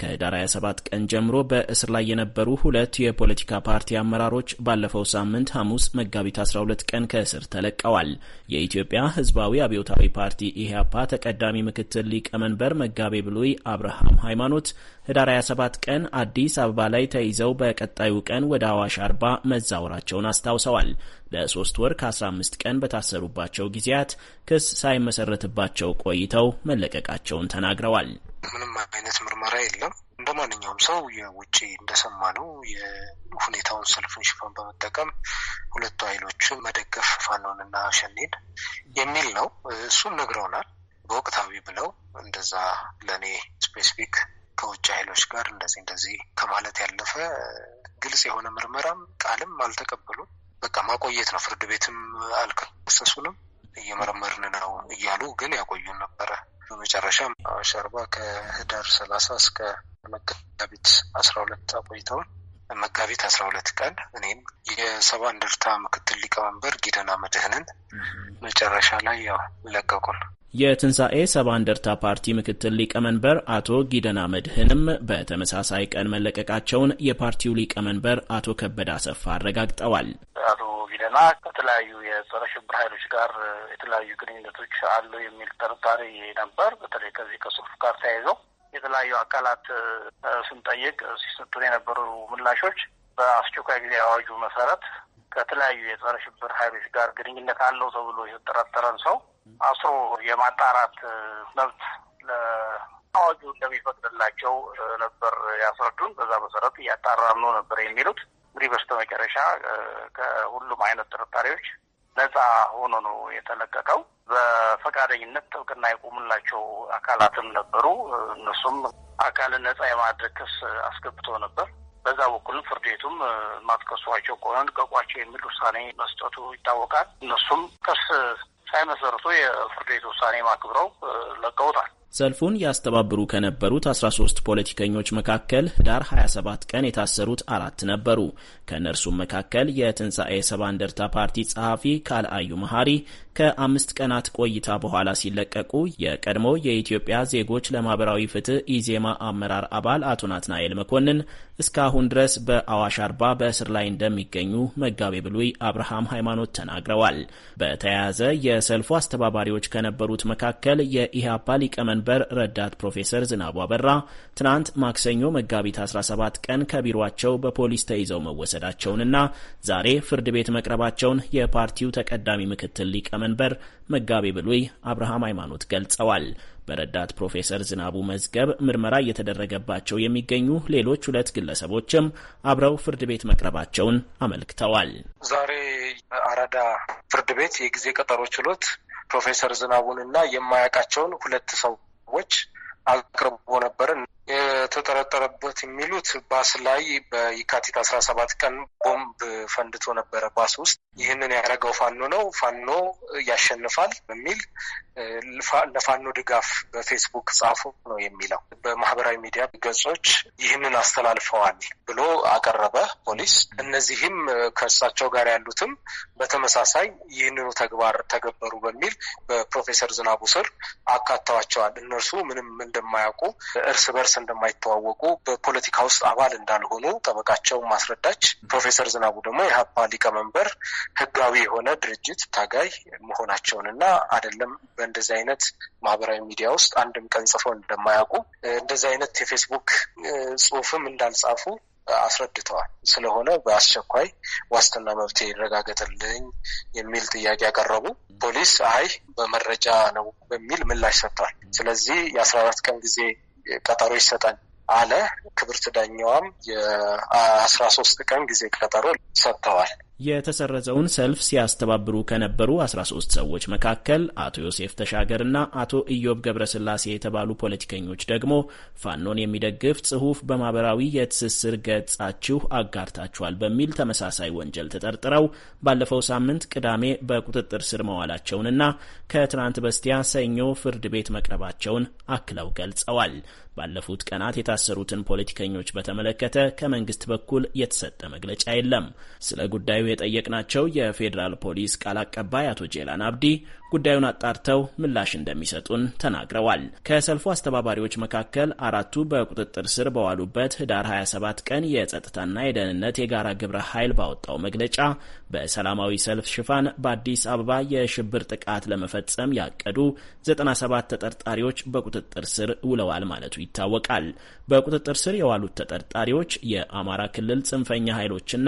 ከህዳር 27 ቀን ጀምሮ በእስር ላይ የነበሩ ሁለት የፖለቲካ ፓርቲ አመራሮች ባለፈው ሳምንት ሐሙስ መጋቢት 12 ቀን ከእስር ተለቀዋል። የኢትዮጵያ ህዝባዊ አብዮታዊ ፓርቲ ኢህአፓ ተቀዳሚ ምክትል ሊቀመንበር መጋቤ ብሉይ አብርሃም ሃይማኖት ህዳር 27 ቀን አዲስ አበባ ላይ ተይዘው በቀጣዩ ቀን ወደ አዋሽ አርባ መዛወራቸውን አስታውሰዋል። ለሶስት ወር ከ15 ቀን በታሰሩባቸው ጊዜያት ክስ ሳይመሰረትባቸው ቆይተው መለቀቃቸውን ተናግረዋል። ምንም አይነት ምርመራ የለም።
እንደ ማንኛውም ሰው የውጭ እንደሰማ ነው የሁኔታውን ሰልፉን ሽፋን በመጠቀም ሁለቱ ኃይሎችን መደገፍ ፋኖንና ሸኔን የሚል ነው። እሱም ነግረውናል። በወቅታዊ ብለው እንደዛ ለእኔ ስፔሲፊክ ከውጭ ኃይሎች ጋር እንደዚህ እንደዚህ ከማለት ያለፈ ግልጽ የሆነ ምርመራም ቃልም አልተቀበሉም። በቃ ማቆየት ነው። ፍርድ ቤትም አልከሰሱንም፣ እየመረመርን ነው እያሉ ግን ያቆዩን ነበረ። በመጨረሻ ሸርባ ከህዳር ሰላሳ እስከ መጋቢት አስራ ሁለት አቆይተውን መጋቢት አስራ ሁለት ቀን እኔም የሰባ እንደርታ ምክትል ሊቀመንበር ጊደና መድህንን መጨረሻ ላይ ያው ለቀቁን።
የትንሣኤ ሰባ እንደርታ ፓርቲ ምክትል ሊቀመንበር አቶ ጊደና መድህንም በተመሳሳይ ቀን መለቀቃቸውን የፓርቲው ሊቀመንበር አቶ ከበደ አሰፋ አረጋግጠዋል።
አቶ ጊደና ከተለያዩ የጸረ ሽብር ኃይሎች ጋር የተለያዩ ግንኙነቶች አሉ የሚል ጥርጣሬ ነበር። በተለይ ከዚህ ከሱልፍ ጋር ተያይዘው የተለያዩ አካላት ስንጠይቅ ሲሰጡን የነበሩ ምላሾች በአስቸኳይ ጊዜ አዋጁ መሰረት ከተለያዩ የጸረ ሽብር ኃይሎች ጋር ግንኙነት አለው ተብሎ የተጠረጠረን ሰው አስሮ የማጣራት መብት ለአዋቂው እንደሚፈቅድላቸው ነበር ያስረዱን። በዛ መሰረት እያጣራን ነው ነበር የሚሉት። እንግዲህ መጨረሻ ከሁሉም አይነት ጥርጣሬዎች ነጻ ሆኖ ነው የተለቀቀው። በፈቃደኝነት ጥብቅና የቆሙላቸው አካላትም ነበሩ። እነሱም አካልን ነጻ የማድረግ ክስ አስገብቶ ነበር። በዛ በኩልም ፍርድ ቤቱም ማትከሷቸው ከሆነ ልቀቋቸው የሚል ውሳኔ መስጠቱ ይታወቃል። እነሱም ክስ ሳይመሰርቱ የፍርድ ቤት ውሳኔ ማክብረው
ለቀውታል። ሰልፉን ያስተባብሩ ከነበሩት 13 ፖለቲከኞች መካከል ዳር 27 ቀን የታሰሩት አራት ነበሩ። ከእነርሱም መካከል የትንሣኤ ሰባ እንደርታ ፓርቲ ጸሐፊ ካልአዩ መሐሪ ከአምስት ቀናት ቆይታ በኋላ ሲለቀቁ፣ የቀድሞ የኢትዮጵያ ዜጎች ለማህበራዊ ፍትህ ኢዜማ አመራር አባል አቶ ናትናኤል መኮንን እስካሁን ድረስ በአዋሽ አርባ በእስር ላይ እንደሚገኙ መጋቤ ብሉይ አብርሃም ሃይማኖት ተናግረዋል። በተያያዘ የሰልፉ አስተባባሪዎች ከነበሩት መካከል የኢህአፓ ሊቀመ ሊቀመንበር ረዳት ፕሮፌሰር ዝናቡ አበራ ትናንት ማክሰኞ መጋቢት 17 ቀን ከቢሮቸው በፖሊስ ተይዘው መወሰዳቸውንና ዛሬ ፍርድ ቤት መቅረባቸውን የፓርቲው ተቀዳሚ ምክትል ሊቀመንበር መጋቤ ብሉይ አብርሃም ሃይማኖት ገልጸዋል። በረዳት ፕሮፌሰር ዝናቡ መዝገብ ምርመራ እየተደረገባቸው የሚገኙ ሌሎች ሁለት ግለሰቦችም አብረው ፍርድ ቤት መቅረባቸውን አመልክተዋል።
ዛሬ አራዳ ፍርድ ቤት የጊዜ ቀጠሮ ችሎት ፕሮፌሰር ዝናቡን እና የማያውቃቸውን ሁለት ሰው ች አቅርቦ ነበር። የተጠረጠረበት የሚሉት ባስ ላይ በየካቲት አስራ ሰባት ቀን ቦምብ ፈንድቶ ነበረ ባስ ውስጥ። ይህንን ያደረገው ፋኖ ነው፣ ፋኖ ያሸንፋል በሚል ለፋኖ ድጋፍ በፌስቡክ ጻፎ ነው የሚለው። በማህበራዊ ሚዲያ ገጾች ይህንን አስተላልፈዋል ብሎ አቀረበ ፖሊስ። እነዚህም ከእሳቸው ጋር ያሉትም በተመሳሳይ ይህንኑ ተግባር ተገበሩ በሚል በፕሮፌሰር ዝናቡ ስር አካተዋቸዋል። እነርሱ ምንም እንደማያውቁ እርስ በርስ እንደማይተዋወቁ በፖለቲካ ውስጥ አባል እንዳልሆኑ ጠበቃቸው ማስረዳች። ፕሮፌሰር ዝናቡ ደግሞ የሀፓ ሊቀመንበር ህጋዊ የሆነ ድርጅት ታጋይ መሆናቸውን እና አይደለም በእንደዚህ አይነት ማህበራዊ ሚዲያ ውስጥ አንድም ቀን ጽፈው እንደማያውቁ እንደዚህ አይነት የፌስቡክ ጽሁፍም እንዳልጻፉ አስረድተዋል። ስለሆነ በአስቸኳይ ዋስትና መብቴ ይረጋገጥልኝ የሚል ጥያቄ ያቀረቡ ፖሊስ አይ በመረጃ ነው በሚል ምላሽ ሰጥቷል። ስለዚህ የአስራ አራት ቀን ጊዜ ቀጠሮ ይሰጠን አለ። ክብርት ዳኛዋም የአስራ ሶስት ቀን ጊዜ ቀጠሮ ሰጥተዋል።
የተሰረዘውን ሰልፍ ሲያስተባብሩ ከነበሩ 13 ሰዎች መካከል አቶ ዮሴፍ ተሻገርና አቶ ኢዮብ ገብረስላሴ የተባሉ ፖለቲከኞች ደግሞ ፋኖን የሚደግፍ ጽሑፍ በማህበራዊ የትስስር ገጻችሁ አጋርታችኋል በሚል ተመሳሳይ ወንጀል ተጠርጥረው ባለፈው ሳምንት ቅዳሜ በቁጥጥር ስር መዋላቸውንና ከትናንት በስቲያ ሰኞ ፍርድ ቤት መቅረባቸውን አክለው ገልጸዋል። ባለፉት ቀናት የታሰሩትን ፖለቲከኞች በተመለከተ ከመንግስት በኩል የተሰጠ መግለጫ የለም። ስለ ጉዳዩ የጠየቅናቸው የፌዴራል ፖሊስ ቃል አቀባይ አቶ ጄላን አብዲ ጉዳዩን አጣርተው ምላሽ እንደሚሰጡን ተናግረዋል። ከሰልፉ አስተባባሪዎች መካከል አራቱ በቁጥጥር ስር በዋሉበት ህዳር 27 ቀን የጸጥታና የደህንነት የጋራ ግብረ ኃይል ባወጣው መግለጫ በሰላማዊ ሰልፍ ሽፋን በአዲስ አበባ የሽብር ጥቃት ለመፈጸም ያቀዱ 97 ተጠርጣሪዎች በቁጥጥር ስር ውለዋል ማለቱ ይታወቃል። በቁጥጥር ስር የዋሉት ተጠርጣሪዎች የአማራ ክልል ጽንፈኛ ኃይሎችና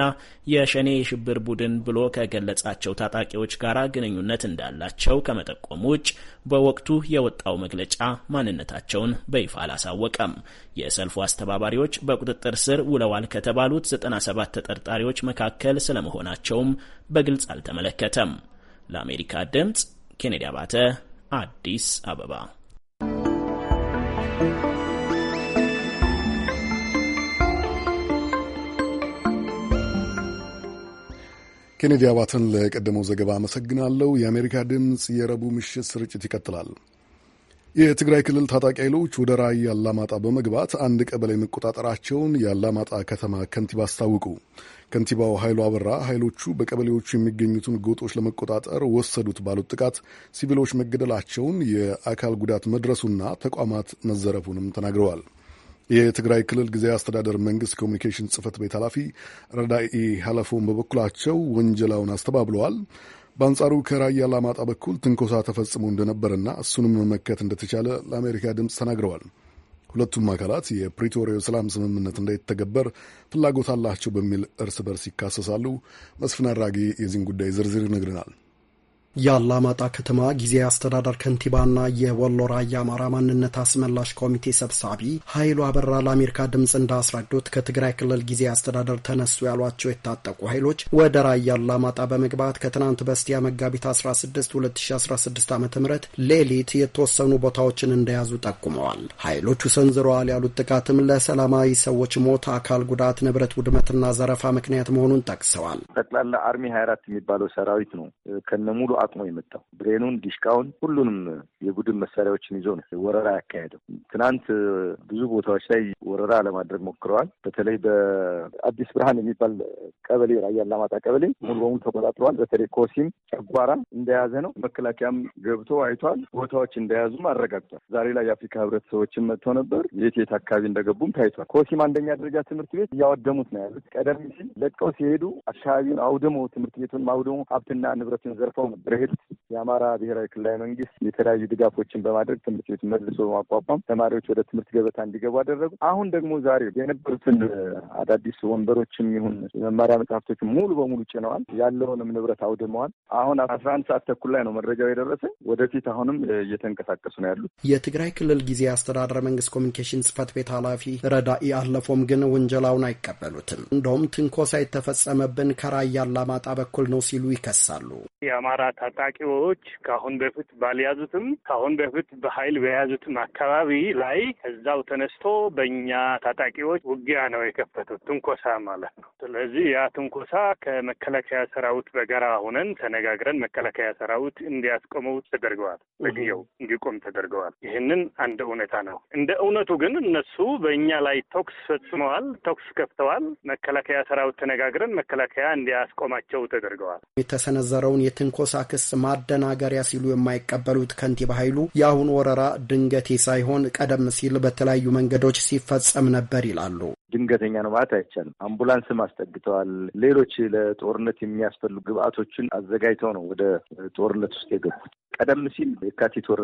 የሸኔ የሽብር ቡድን ብሎ ከገለጻቸው ታጣቂዎች ጋር ግንኙነት እንዳላቸው መሆናቸው ከመጠቆም ውጭ በወቅቱ የወጣው መግለጫ ማንነታቸውን በይፋ አላሳወቀም። የሰልፉ አስተባባሪዎች በቁጥጥር ስር ውለዋል ከተባሉት 97 ተጠርጣሪዎች መካከል ስለመሆናቸውም በግልጽ አልተመለከተም። ለአሜሪካ ድምፅ ኬኔዲ አባተ አዲስ አበባ
ኬኔዲ አባትን ለቀደመው ዘገባ አመሰግናለሁ። የአሜሪካ ድምፅ የረቡዕ ምሽት ስርጭት ይቀጥላል። የትግራይ ክልል ታጣቂ ኃይሎች ወደ ራይ አላማጣ በመግባት አንድ ቀበሌ መቆጣጠራቸውን የአላማጣ ከተማ ከንቲባ አስታውቁ። ከንቲባው ኃይሉ አበራ ኃይሎቹ በቀበሌዎቹ የሚገኙትን ጎጦች ለመቆጣጠር ወሰዱት ባሉት ጥቃት ሲቪሎች መገደላቸውን፣ የአካል ጉዳት መድረሱና ተቋማት መዘረፉንም ተናግረዋል። የትግራይ ክልል ጊዜያዊ አስተዳደር መንግስት ኮሚኒኬሽን ጽህፈት ቤት ኃላፊ ረዳኢ ሀለፎን በበኩላቸው ወንጀላውን አስተባብለዋል። በአንጻሩ ከራያ አላማጣ በኩል ትንኮሳ ተፈጽሞ እንደነበረና እሱንም መመከት እንደተቻለ ለአሜሪካ ድምፅ ተናግረዋል። ሁለቱም አካላት የፕሪቶሪያው ሰላም ስምምነት እንዳይተገበር ፍላጎት አላቸው በሚል እርስ በርስ ይካሰሳሉ። መስፍን አድራጊ የዚህን ጉዳይ ዝርዝር ይነግረናል።
የአላማጣ ከተማ ጊዜያዊ አስተዳደር ከንቲባና የወሎ ራያ አማራ ማንነት አስመላሽ ኮሚቴ ሰብሳቢ ኃይሉ አበራ ለአሜሪካ ድምፅ እንዳስረዱት ከትግራይ ክልል ጊዜያዊ አስተዳደር ተነሱ ያሏቸው የታጠቁ ኃይሎች ወደ ራያ አላማጣ በመግባት ከትናንት በስቲያ መጋቢት 16 2016 ዓ ም ሌሊት የተወሰኑ ቦታዎችን እንደያዙ ጠቁመዋል። ኃይሎቹ ሰንዝረዋል ያሉት ጥቃትም ለሰላማዊ ሰዎች ሞት፣ አካል ጉዳት፣ ንብረት ውድመትና ዘረፋ ምክንያት መሆኑን ጠቅሰዋል።
ጠቅላላ አርሚ 24 የሚባለው ሰራዊት ነው ከነሙሉ አቅሙ የመጣው ብሬኑን፣ ዲሽካውን ሁሉንም የቡድን መሳሪያዎችን ይዞ ነው ወረራ ያካሄደው። ትናንት ብዙ ቦታዎች ላይ ወረራ ለማድረግ ሞክረዋል። በተለይ በአዲስ ብርሃን የሚባል ቀበሌ ራያ አላማጣ ቀበሌ ሙሉ በሙሉ ተቆጣጥረዋል። በተለይ ኮሲም ጨጓራ እንደያዘ ነው። መከላከያም ገብቶ አይቷል። ቦታዎች እንደያዙም አረጋግጧል። ዛሬ ላይ የአፍሪካ ህብረት ሰዎችን መጥተው ነበር። የት የት አካባቢ እንደገቡም ታይቷል። ኮሲም አንደኛ ደረጃ ትምህርት ቤት እያወደሙት ነው ያሉት። ቀደም ሲል ለቀው ሲሄዱ አካባቢውን አውድሞ ትምህርት ቤቱን አውድሞ ሀብትና ንብረትን ዘርፈው ነበር። ርህት የአማራ ብሔራዊ ክልላዊ መንግስት የተለያዩ ድጋፎችን በማድረግ ትምህርት ቤት መልሶ በማቋቋም ተማሪዎች ወደ ትምህርት ገበታ እንዲገቡ አደረጉ። አሁን ደግሞ ዛሬ የነበሩትን አዳዲስ ወንበሮችም ይሁን መማሪያ መጽሐፍቶችን ሙሉ በሙሉ ጭነዋል። ያለውንም ንብረት አውድመዋል። አሁን አስራ አንድ ሰዓት ተኩል ላይ ነው መረጃው የደረሰ ወደፊት አሁንም እየተንቀሳቀሱ ነው
ያሉት የትግራይ ክልል ጊዜ አስተዳደር መንግስት ኮሚኒኬሽን ጽህፈት ቤት ኃላፊ ረዳኢ አለፎም ግን ወንጀላውን አይቀበሉትም። እንደውም ትንኮሳ የተፈጸመብን ከራያ አላማጣ በኩል ነው ሲሉ ይከሳሉ።
የአማራ ታጣቂዎች ከአሁን በፊት ባልያዙትም ከአሁን በፊት በኃይል በያዙትም አካባቢ ላይ እዛው ተነስቶ በእኛ ታጣቂዎች ውጊያ ነው የከፈቱት፣ ትንኮሳ ማለት ነው። ስለዚህ ያ ትንኮሳ ከመከላከያ ሰራዊት በጋራ ሆነን ተነጋግረን መከላከያ ሰራዊት እንዲያስቆመው ተደርገዋል። በጊዜው እንዲቆም ተደርገዋል። ይህንን አንድ እውነታ ነው። እንደ እውነቱ ግን እነሱ በእኛ ላይ ተኩስ ፈጽመዋል፣ ተኩስ ከፍተዋል። መከላከያ ሰራዊት ተነጋግረን መከላከያ እንዲያስቆማቸው ተደርገዋል።
የተሰነዘረውን የትንኮሳ ክስ ማደናገሪያ ሲሉ የማይቀበሉት ከንቲባ ኃይሉ የአሁን ወረራ ድንገቴ ሳይሆን ቀደም ሲል በተለያዩ መንገዶች ሲፈጸም ነበር ይላሉ።
ድንገተኛ ነው ማለት አይቻልም። አምቡላንስም አስጠግተዋል። ሌሎች ለጦርነት የሚያስፈልጉ ግብአቶችን አዘጋጅተው ነው ወደ ጦርነት ውስጥ የገቡት። ቀደም ሲል የካቲት ወር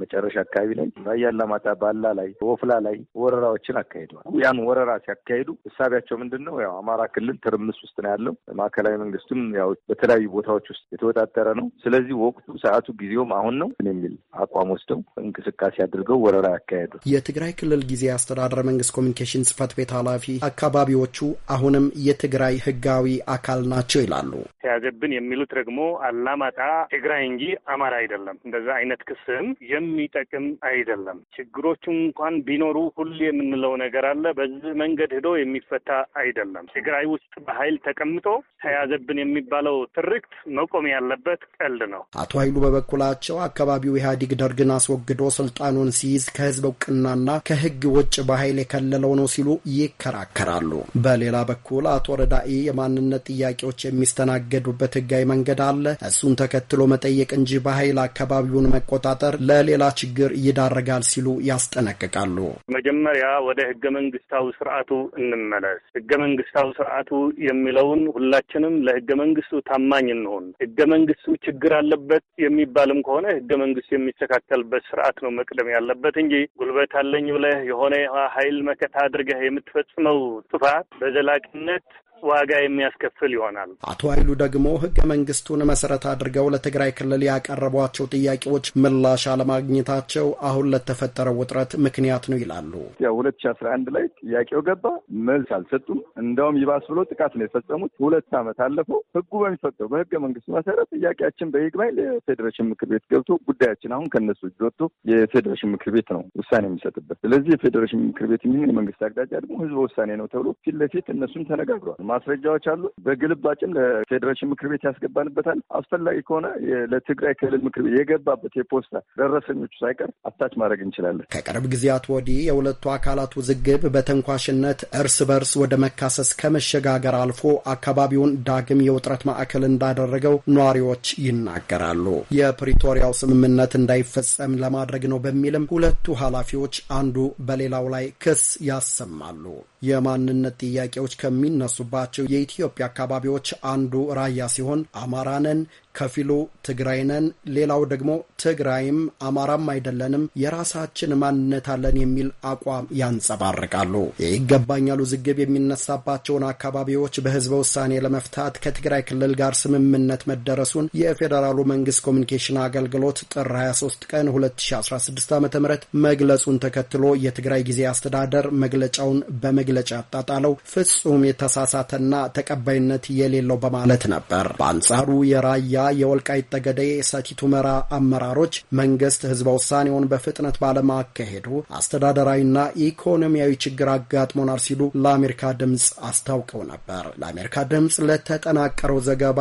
መጨረሻ አካባቢ ላይ ራያ አላማጣ፣ ባላ ላይ፣ ወፍላ ላይ ወረራዎችን አካሂደዋል። ያን ወረራ ሲያካሂዱ እሳቢያቸው ምንድን ነው? ያው አማራ ክልል ትርምስ ውስጥ ነው ያለው። ማዕከላዊ መንግስቱም ያው በተለያዩ ቦታዎች ውስጥ የተወጣጠረ ነው። ስለዚህ ወቅቱ፣ ሰዓቱ፣ ጊዜውም አሁን ነው የሚል አቋም ወስደው እንቅስቃሴ አድርገው ወረራ ያካሄዱ
የትግራይ ክልል ጊዜ አስተዳደር መንግስት ኮሚኒኬሽን ጽህፈት ቤት ኃላፊ አካባቢዎቹ አሁንም የትግራይ ህጋዊ አካል ናቸው ይላሉ።
ተያዘብን የሚሉት ደግሞ አላማጣ ትግራይ እንጂ አማራ አይደለም። እንደዛ አይነት ክስም የሚጠቅም አይደለም። ችግሮቹ እንኳን ቢኖሩ ሁሌ የምንለው ነገር አለ። በዚህ መንገድ ሂዶ የሚፈታ አይደለም። ትግራይ ውስጥ በኃይል ተቀምጦ ተያዘብን የሚባለው ትርክት መቆም ያለበት ቀልድ ነው።
አቶ ኃይሉ በበኩላቸው አካባቢው ኢህአዲግ ደርግን አስወግዶ ስልጣኑን ሲይዝ ከህዝብ እውቅናና ከህግ ውጭ በኃይል የከለለው ነው ሲሉ ይከራከራሉ። በሌላ በኩል አቶ ረዳኢ የማንነት ጥያቄዎች የሚስተናገዱበት ህጋዊ መንገድ አለ፣ እሱን ተከትሎ መጠየቅ እንጂ በኃይል አካባቢውን መቆጣጠር ለሌላ ችግር ይዳረጋል ሲሉ ያስጠነቅቃሉ።
መጀመሪያ ወደ ህገ መንግስታዊ ስርዓቱ እንመለስ። ህገ መንግስታዊ ስርዓቱ የሚለውን ሁላችንም ለህገ መንግስቱ ታማኝ እንሆን። ህገ መንግስቱ ችግር አለበት የሚባልም ከሆነ ህገ መንግስቱ የሚስተካከልበት ስርዓት ነው መቅደም ያለበት እንጂ ጉልበት አለኝ ብለህ የሆነ ኃይል መከታ አድርገህ የምት የሚፈጽመው ጥፋት በዘላቂነት ዋጋ የሚያስከፍል ይሆናል።
አቶ ኃይሉ ደግሞ ህገ መንግስቱን መሰረት አድርገው ለትግራይ ክልል ያቀረቧቸው ጥያቄዎች ምላሽ አለማግኘታቸው አሁን ለተፈጠረው ውጥረት ምክንያት ነው ይላሉ።
ያው ሁለት ሺ አስራ አንድ ላይ ጥያቄው ገባ፣ መልስ አልሰጡም። እንደውም ይባስ ብሎ ጥቃት ነው የፈጸሙት። ሁለት ዓመት አለፈው። ህጉ በሚፈቅደው በህገ መንግስቱ መሰረት ጥያቄያችን በይግባኝ ለፌዴሬሽን ምክር ቤት ገብቶ ጉዳያችን አሁን ከነሱ እጅ ወጥቶ የፌዴሬሽን ምክር ቤት ነው ውሳኔ የሚሰጥበት። ስለዚህ የፌዴሬሽን ምክር ቤት የሚሆን የመንግስት አቅጣጫ ደግሞ ህዝበ ውሳኔ ነው ተብሎ ፊት ለፊት እነሱም ተነጋግረዋል። ማስረጃዎች አሉ። በግልባጭም ለፌዴሬሽን ምክር ቤት ያስገባንበታል። አስፈላጊ ከሆነ ለትግራይ ክልል ምክር ቤት የገባበት የፖስታ ደረሰኞቹ ሳይቀር አታች ማድረግ እንችላለን። ከቅርብ
ጊዜያት ወዲህ የሁለቱ አካላት ውዝግብ በተንኳሽነት እርስ በርስ ወደ መካሰስ ከመሸጋገር አልፎ አካባቢውን ዳግም የውጥረት ማዕከል እንዳደረገው ነዋሪዎች ይናገራሉ። የፕሪቶሪያው ስምምነት እንዳይፈጸም ለማድረግ ነው በሚልም ሁለቱ ኃላፊዎች አንዱ በሌላው ላይ ክስ ያሰማሉ። የማንነት ጥያቄዎች ከሚነሱባቸው የኢትዮጵያ አካባቢዎች አንዱ ራያ ሲሆን አማራ ነን፣ ከፊሉ ትግራይ ነን፣ ሌላው ደግሞ ትግራይም አማራም አይደለንም የራሳችን ማንነት አለን የሚል አቋም ያንጸባርቃሉ። የይገባኛል ውዝግብ የሚነሳባቸውን አካባቢዎች በህዝበ ውሳኔ ለመፍታት ከትግራይ ክልል ጋር ስምምነት መደረሱን የፌዴራሉ መንግስት ኮሚኒኬሽን አገልግሎት ጥር 23 ቀን 2016 ዓ ም መግለጹን ተከትሎ የትግራይ ጊዜ አስተዳደር መግለጫውን በመግለጫ ያጣጣለው ፍጹም የተሳሳተና ተቀባይነት የሌለው በማለት ነበር። በአንጻሩ የራያ የወልቃይት ጠገዴ ሰቲት ሁመራ አመራሮች መንግስት ህዝበ ውሳኔውን በፍጥነት ባለማካሄዱ አስተዳደራዊና ኢኮኖሚያዊ ችግር አጋጥሞናል ሲሉ ለአሜሪካ ድምፅ አስታውቀው ነበር። ለአሜሪካ ድምፅ ለተጠናቀረው ዘገባ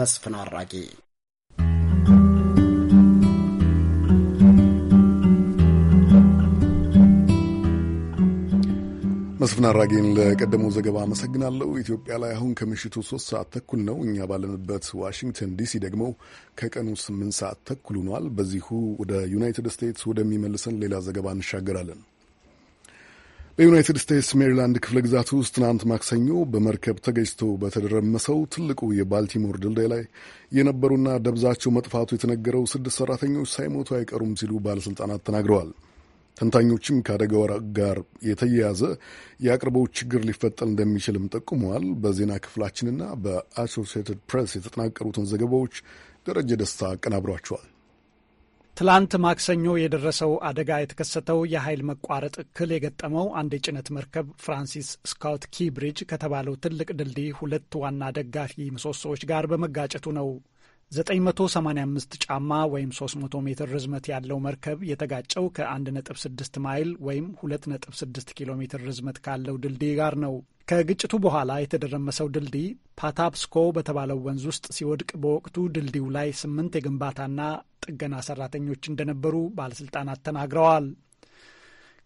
መስፍን
አራጌ መስፍን አራጌን ለቀደመው ዘገባ አመሰግናለሁ። ኢትዮጵያ ላይ አሁን ከምሽቱ ሶስት ሰዓት ተኩል ነው። እኛ ባለንበት ዋሽንግተን ዲሲ ደግሞ ከቀኑ ስምንት ሰዓት ተኩል ሆኗል። በዚሁ ወደ ዩናይትድ ስቴትስ ወደሚመልሰን ሌላ ዘገባ እንሻገራለን። በዩናይትድ ስቴትስ ሜሪላንድ ክፍለ ግዛት ውስጥ ትናንት ማክሰኞ በመርከብ ተገጭቶ በተደረመሰው ትልቁ የባልቲሞር ድልድይ ላይ የነበሩና ደብዛቸው መጥፋቱ የተነገረው ስድስት ሰራተኞች ሳይሞቱ አይቀሩም ሲሉ ባለሥልጣናት ተናግረዋል። ተንታኞችም ከአደጋው ጋር የተያያዘ የአቅርቦት ችግር ሊፈጠር እንደሚችልም ጠቁመዋል። በዜና ክፍላችንና በአሶሲየትድ ፕሬስ የተጠናቀሩትን ዘገባዎች ደረጀ ደስታ አቀናብሯቸዋል።
ትላንት ማክሰኞ የደረሰው አደጋ የተከሰተው የኃይል መቋረጥ እክል የገጠመው አንድ የጭነት መርከብ ፍራንሲስ ስኮት ኪ ብሪጅ ከተባለው ትልቅ ድልድይ ሁለት ዋና ደጋፊ ምሰሶዎች ጋር በመጋጨቱ ነው። 985 ጫማ ወይም 300 ሜትር ርዝመት ያለው መርከብ የተጋጨው ከ1.6 ማይል ወይም 2.6 ኪሎ ሜትር ርዝመት ካለው ድልድይ ጋር ነው። ከግጭቱ በኋላ የተደረመሰው ድልድይ ፓታፕስኮ በተባለው ወንዝ ውስጥ ሲወድቅ በወቅቱ ድልድዩ ላይ ስምንት የግንባታና ጥገና ሰራተኞች እንደነበሩ ባለስልጣናት ተናግረዋል።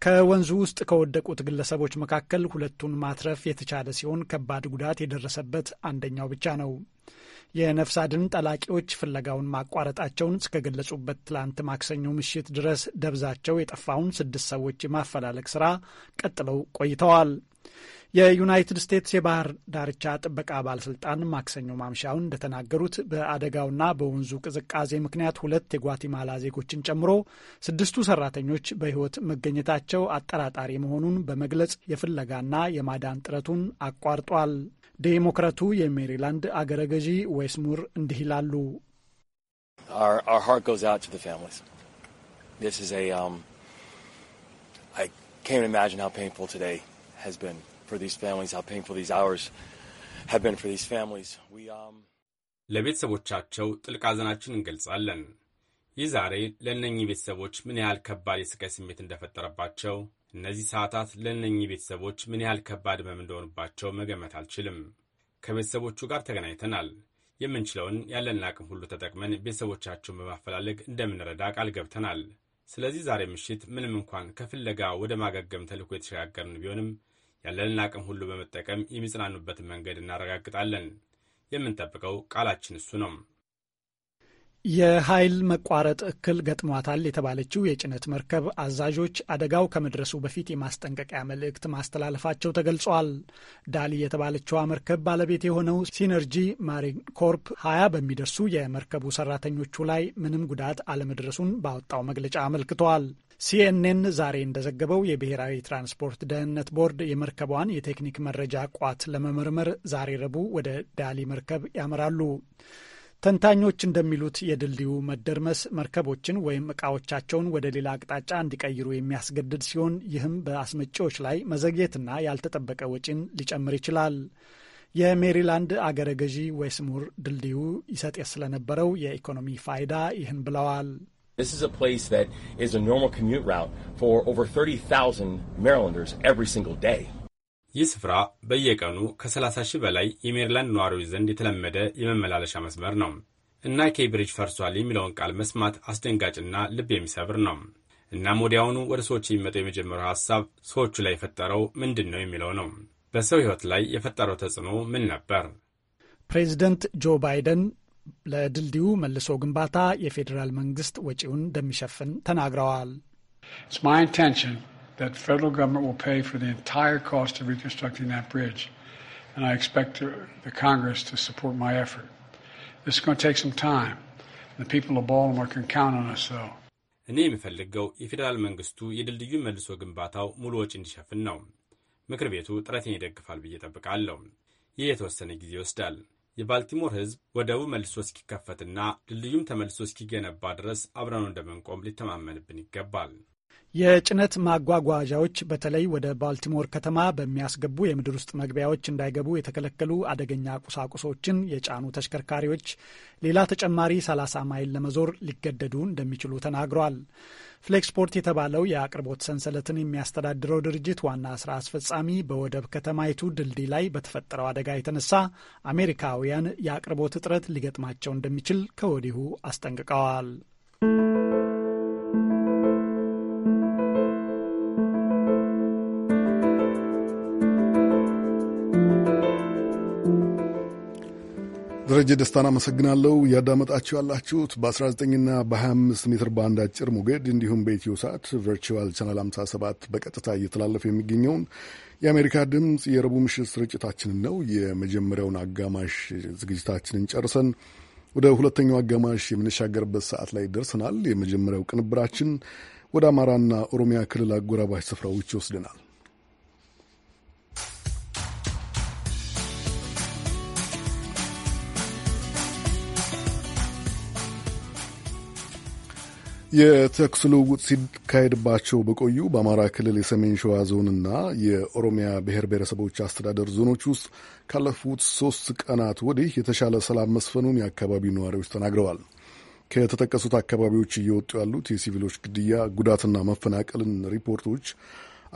ከወንዙ ውስጥ ከወደቁት ግለሰቦች መካከል ሁለቱን ማትረፍ የተቻለ ሲሆን ከባድ ጉዳት የደረሰበት አንደኛው ብቻ ነው። የነፍስ አድን ጠላቂዎች ፍለጋውን ማቋረጣቸውን እስከገለጹበት ትላንት ማክሰኞ ምሽት ድረስ ደብዛቸው የጠፋውን ስድስት ሰዎች የማፈላለግ ስራ ቀጥለው ቆይተዋል። የዩናይትድ ስቴትስ የባህር ዳርቻ ጥበቃ ባለስልጣን ማክሰኞ ማምሻውን እንደተናገሩት በአደጋውና በወንዙ ቅዝቃዜ ምክንያት ሁለት የጓቲማላ ዜጎችን ጨምሮ ስድስቱ ሰራተኞች በሕይወት መገኘታቸው አጠራጣሪ መሆኑን በመግለጽ የፍለጋና የማዳን ጥረቱን አቋርጧል። ዴሞክራቱ የሜሪላንድ አገረ ገዢ ዌስሙር እንዲህ ይላሉ።
um, I ለቤተሰቦቻቸው ጥልቅ ሐዘናችን እንገልጻለን። ይህ ዛሬ ለእነኚህ ቤተሰቦች ምን ያህል ከባድ የስቃይ ስሜት እንደፈጠረባቸው፣ እነዚህ ሰዓታት ለእነኚህ ቤተሰቦች ምን ያህል ከባድ ህመም እንደሆኑባቸው መገመት አልችልም። ከቤተሰቦቹ ጋር ተገናኝተናል። የምንችለውን ያለን አቅም ሁሉ ተጠቅመን ቤተሰቦቻቸውን በማፈላለግ እንደምንረዳ ቃል ገብተናል። ስለዚህ ዛሬ ምሽት ምንም እንኳን ከፍለጋ ወደ ማገገም ተልዕኮ የተሸጋገርን ቢሆንም ያለንን አቅም ሁሉ በመጠቀም የሚጽናኑበትን መንገድ እናረጋግጣለን። የምንጠብቀው ቃላችን እሱ ነው።
የኃይል መቋረጥ እክል ገጥሟታል የተባለችው የጭነት መርከብ አዛዦች አደጋው ከመድረሱ በፊት የማስጠንቀቂያ መልእክት ማስተላለፋቸው ተገልጿል። ዳሊ የተባለችዋ መርከብ ባለቤት የሆነው ሲነርጂ ማሪን ኮርፕ ሀያ በሚደርሱ የመርከቡ ሰራተኞቹ ላይ ምንም ጉዳት አለመድረሱን ባወጣው መግለጫ አመልክተዋል። ሲኤንኤን ዛሬ እንደዘገበው የብሔራዊ ትራንስፖርት ደህንነት ቦርድ የመርከቧን የቴክኒክ መረጃ ቋት ለመመርመር ዛሬ ረቡዕ ወደ ዳሊ መርከብ ያመራሉ። ተንታኞች እንደሚሉት የድልድዩ መደርመስ መርከቦችን ወይም እቃዎቻቸውን ወደ ሌላ አቅጣጫ እንዲቀይሩ የሚያስገድድ ሲሆን ይህም በአስመጪዎች ላይ መዘግየትና ያልተጠበቀ ወጪን ሊጨምር ይችላል። የሜሪላንድ አገረ ገዢ ዌስሙር ድልድዩ ይሰጥ ስለነበረው የኢኮኖሚ ፋይዳ ይህን ብለዋል።
This is a place that is a normal commute route for over 30,000 Marylanders every single day. ይህ ስፍራ በየቀኑ ከ30 ሺህ በላይ የሜሪላንድ ነዋሪዎች ዘንድ የተለመደ የመመላለሻ መስመር ነው እና ኬይብሪጅ ፈርሷል የሚለውን ቃል መስማት አስደንጋጭና ልብ የሚሰብር ነው። እናም ወዲያውኑ ወደ ሰዎች የሚመጣው የመጀመሪያው ሀሳብ ሰዎቹ ላይ የፈጠረው ምንድን ነው የሚለው ነው። በሰው ሕይወት ላይ የፈጠረው ተጽዕኖ ምን ነበር?
ፕሬዚደንት ጆ ባይደን ለድልድዩ መልሶ ግንባታ የፌዴራል መንግስት ወጪውን እንደሚሸፍን ተናግረዋል።
እኔ የምፈልገው የፌዴራል መንግስቱ የድልድዩ መልሶ ግንባታው ሙሉ ወጪ እንዲሸፍን ነው። ምክር ቤቱ ጥረቴን ይደግፋል ብዬ ጠብቃለሁ። ይህ የተወሰነ ጊዜ ይወስዳል። የባልቲሞር ህዝብ ወደቡ መልሶ እስኪከፈትና ድልድዩም ተመልሶ እስኪገነባ ድረስ አብረን እንደምንቆም ሊተማመንብን ይገባል።
የጭነት ማጓጓዣዎች በተለይ ወደ ባልቲሞር ከተማ በሚያስገቡ የምድር ውስጥ መግቢያዎች እንዳይገቡ የተከለከሉ አደገኛ ቁሳቁሶችን የጫኑ ተሽከርካሪዎች ሌላ ተጨማሪ 30 ማይል ለመዞር ሊገደዱ እንደሚችሉ ተናግሯል። ፍሌክስፖርት የተባለው የአቅርቦት ሰንሰለትን የሚያስተዳድረው ድርጅት ዋና ስራ አስፈጻሚ በወደብ ከተማይቱ ድልድይ ላይ በተፈጠረው አደጋ የተነሳ አሜሪካውያን የአቅርቦት እጥረት ሊገጥማቸው እንደሚችል ከወዲሁ አስጠንቅቀዋል።
ደረጀ ደስታን አመሰግናለሁ። ያዳመጣችሁ ያላችሁት በ19ና በ25 ሜትር ባንድ አጭር ሞገድ እንዲሁም በኢትዮ ሰዓት ቨርቹዋል ቻናል 57 በቀጥታ እየተላለፈ የሚገኘውን የአሜሪካ ድምፅ የረቡዕ ምሽት ስርጭታችንን ነው። የመጀመሪያውን አጋማሽ ዝግጅታችንን ጨርሰን ወደ ሁለተኛው አጋማሽ የምንሻገርበት ሰዓት ላይ ደርሰናል። የመጀመሪያው ቅንብራችን ወደ አማራና ኦሮሚያ ክልል አጎራባች ስፍራዎች ይወስደናል። የተኩስ ልውውጥ ሲካሄድባቸው በቆዩ በአማራ ክልል የሰሜን ሸዋ ዞንና የኦሮሚያ ብሔር ብሔረሰቦች አስተዳደር ዞኖች ውስጥ ካለፉት ሶስት ቀናት ወዲህ የተሻለ ሰላም መስፈኑን የአካባቢው ነዋሪዎች ተናግረዋል። ከተጠቀሱት አካባቢዎች እየወጡ ያሉት የሲቪሎች ግድያ፣ ጉዳትና መፈናቀልን ሪፖርቶች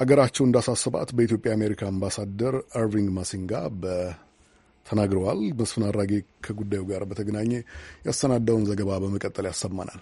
አገራቸው እንዳሳሰባት በኢትዮጵያ አሜሪካ አምባሳደር አርቪንግ ማሲንጋ ተናግረዋል። መስፍን አራጌ ከጉዳዩ ጋር በተገናኘ ያሰናዳውን ዘገባ በመቀጠል ያሰማናል።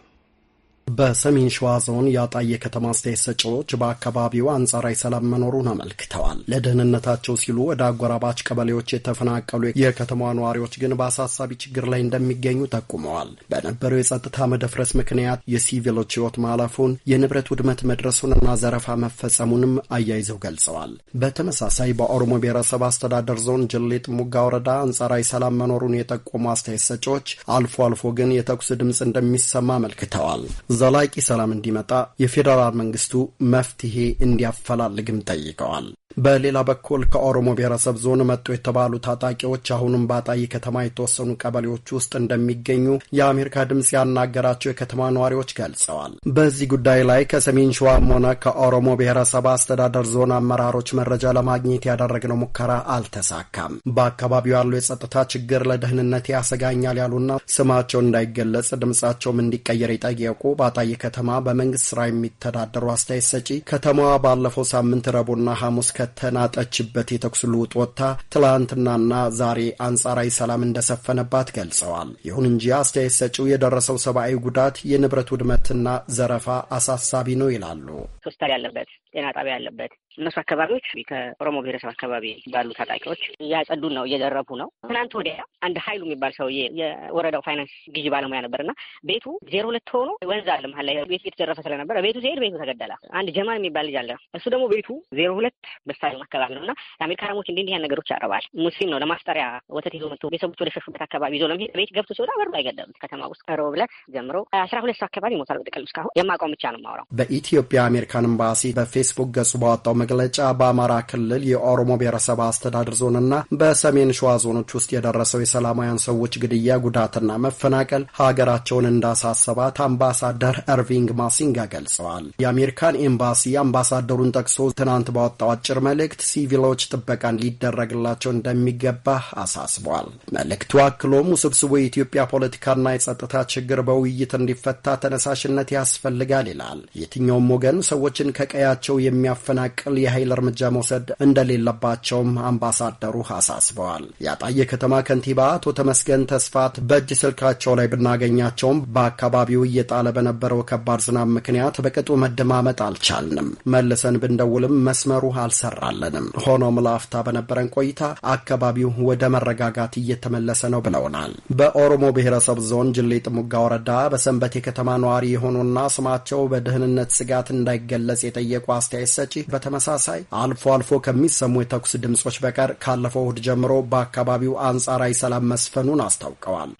በሰሜን ሸዋ ዞን የአጣዬ ከተማ አስተያየት ሰጪዎች በአካባቢው አንጻራዊ ሰላም መኖሩን አመልክተዋል። ለደህንነታቸው ሲሉ ወደ አጎራባች ቀበሌዎች የተፈናቀሉ የከተማዋ ነዋሪዎች ግን በአሳሳቢ ችግር ላይ እንደሚገኙ ጠቁመዋል። በነበረው የጸጥታ መደፍረስ ምክንያት የሲቪሎች ሕይወት ማለፉን፣ የንብረት ውድመት መድረሱንና ዘረፋ መፈጸሙንም አያይዘው ገልጸዋል። በተመሳሳይ በኦሮሞ ብሔረሰብ አስተዳደር ዞን ጅሌጥ ሙጋ ወረዳ አንጻራዊ ሰላም መኖሩን የጠቆሙ አስተያየት ሰጪዎች አልፎ አልፎ ግን የተኩስ ድምፅ እንደሚሰማ አመልክተዋል። ዘላቂ ሰላም እንዲመጣ የፌዴራል መንግስቱ መፍትሄ እንዲያፈላልግም ጠይቀዋል። በሌላ በኩል ከኦሮሞ ብሔረሰብ ዞን መጡ የተባሉ ታጣቂዎች አሁንም በአጣይ ከተማ የተወሰኑ ቀበሌዎች ውስጥ እንደሚገኙ የአሜሪካ ድምፅ ያናገራቸው የከተማ ነዋሪዎች ገልጸዋል። በዚህ ጉዳይ ላይ ከሰሜን ሸዋም ሆነ ከኦሮሞ ብሔረሰብ አስተዳደር ዞን አመራሮች መረጃ ለማግኘት ያደረግነው ሙከራ አልተሳካም። በአካባቢው ያለው የጸጥታ ችግር ለደህንነት ያሰጋኛል ያሉና ስማቸው እንዳይገለጽ ድምፃቸውም እንዲቀየር የጠየቁ በአጣይ ከተማ በመንግስት ስራ የሚተዳደሩ አስተያየት ሰጪ ከተማዋ ባለፈው ሳምንት ረቡና ሐሙስ ከተናጠችበት የተኩስ ልውጥ ወጥታ ትላንትናና ዛሬ አንጻራዊ ሰላም እንደሰፈነባት ገልጸዋል። ይሁን እንጂ አስተያየት ሰጪው የደረሰው ሰብአዊ ጉዳት፣ የንብረት ውድመትና ዘረፋ አሳሳቢ ነው ይላሉ።
ሆስፒታል ያለበት ጤና ጣቢያ ያለበት እነሱ አካባቢዎች ከኦሮሞ ብሔረሰብ አካባቢ ባሉ ታጣቂዎች እያጸዱ ነው፣ እየዘረፉ ነው። ትናንት ወዲያ አንድ ሀይሉ የሚባል ሰው የወረዳው ፋይናንስ ግዢ ባለሙያ ነበር እና ቤቱ ዜሮ ሁለት ሆኖ ወንዝ አለ መሀል ላይ ቤቱ እየተዘረፈ ስለነበረ ቤቱ ሲሄድ ቤቱ ተገደለ። አንድ ጀማል የሚባል ልጅ አለ። እሱ ደግሞ ቤቱ ዜሮ ሁለት በስታዲየም አካባቢ ነው እና የአሜሪካ ረሞች እንዲህ እንዲህ ነገሮች ያረባል። ሙስሊም ነው ለማስጠሪያ ወተት ይዞ መጥቶ ቤተሰቦች ወደ ሸሹበት አካባቢ ይዞ ለመሄድ ቤት ገብቶ ሲወጣ በርባ አይገደሉት። ከተማ ውስጥ ከሮብ ብለ ጀምሮ አስራ ሁለት ሰው አካባቢ ይሞታል። በጥቅሉ እስካሁን የማቋም ብቻ ነው የማወራው።
በኢትዮጵያ
አሜሪካን ኤምባሲ በፌስቡክ ገጹ ባወጣው መግለጫ በአማራ ክልል የኦሮሞ ብሔረሰብ አስተዳደር ዞንና በሰሜን ሸዋ ዞኖች ውስጥ የደረሰው የሰላማውያን ሰዎች ግድያ፣ ጉዳትና መፈናቀል ሀገራቸውን እንዳሳሰባት አምባሳደር እርቪንግ ማሲንጋ ገልጸዋል። የአሜሪካን ኤምባሲ አምባሳደሩን ጠቅሶ ትናንት ባወጣው አጭር መልእክት ሲቪሎች ጥበቃን ሊደረግላቸው እንደሚገባ አሳስቧል። መልእክቱ አክሎም ውስብስቡ የኢትዮጵያ ፖለቲካና የጸጥታ ችግር በውይይት እንዲፈታ ተነሳሽነት ያስፈልጋል ይላል። የትኛውም ወገን ሰዎችን ከቀያቸው የሚያፈናቅል የኃይል እርምጃ መውሰድ እንደሌለባቸውም አምባሳደሩ አሳስበዋል። የአጣየ ከተማ ከንቲባ አቶ ተመስገን ተስፋት በእጅ ስልካቸው ላይ ብናገኛቸውም በአካባቢው እየጣለ በነበረው ከባድ ዝናብ ምክንያት በቅጡ መደማመጥ አልቻልንም። መልሰን ብንደውልም መስመሩ አልሰራለንም። ሆኖም ለአፍታ በነበረን ቆይታ አካባቢው ወደ መረጋጋት እየተመለሰ ነው ብለውናል። በኦሮሞ ብሔረሰብ ዞን ጅሌ ጥሙጋ ወረዳ በሰንበቴ ከተማ ነዋሪ የሆኑና ስማቸው በደህንነት ስጋት እንዳይገለጽ የጠየቁ አስተያየት ሰጪ በተመሳ በተመሳሳይ አልፎ አልፎ ከሚሰሙ የተኩስ ድምጾች በቀር ካለፈው እሁድ ጀምሮ በአካባቢው አንጻራዊ ሰላም መስፈኑን አስታውቀዋል።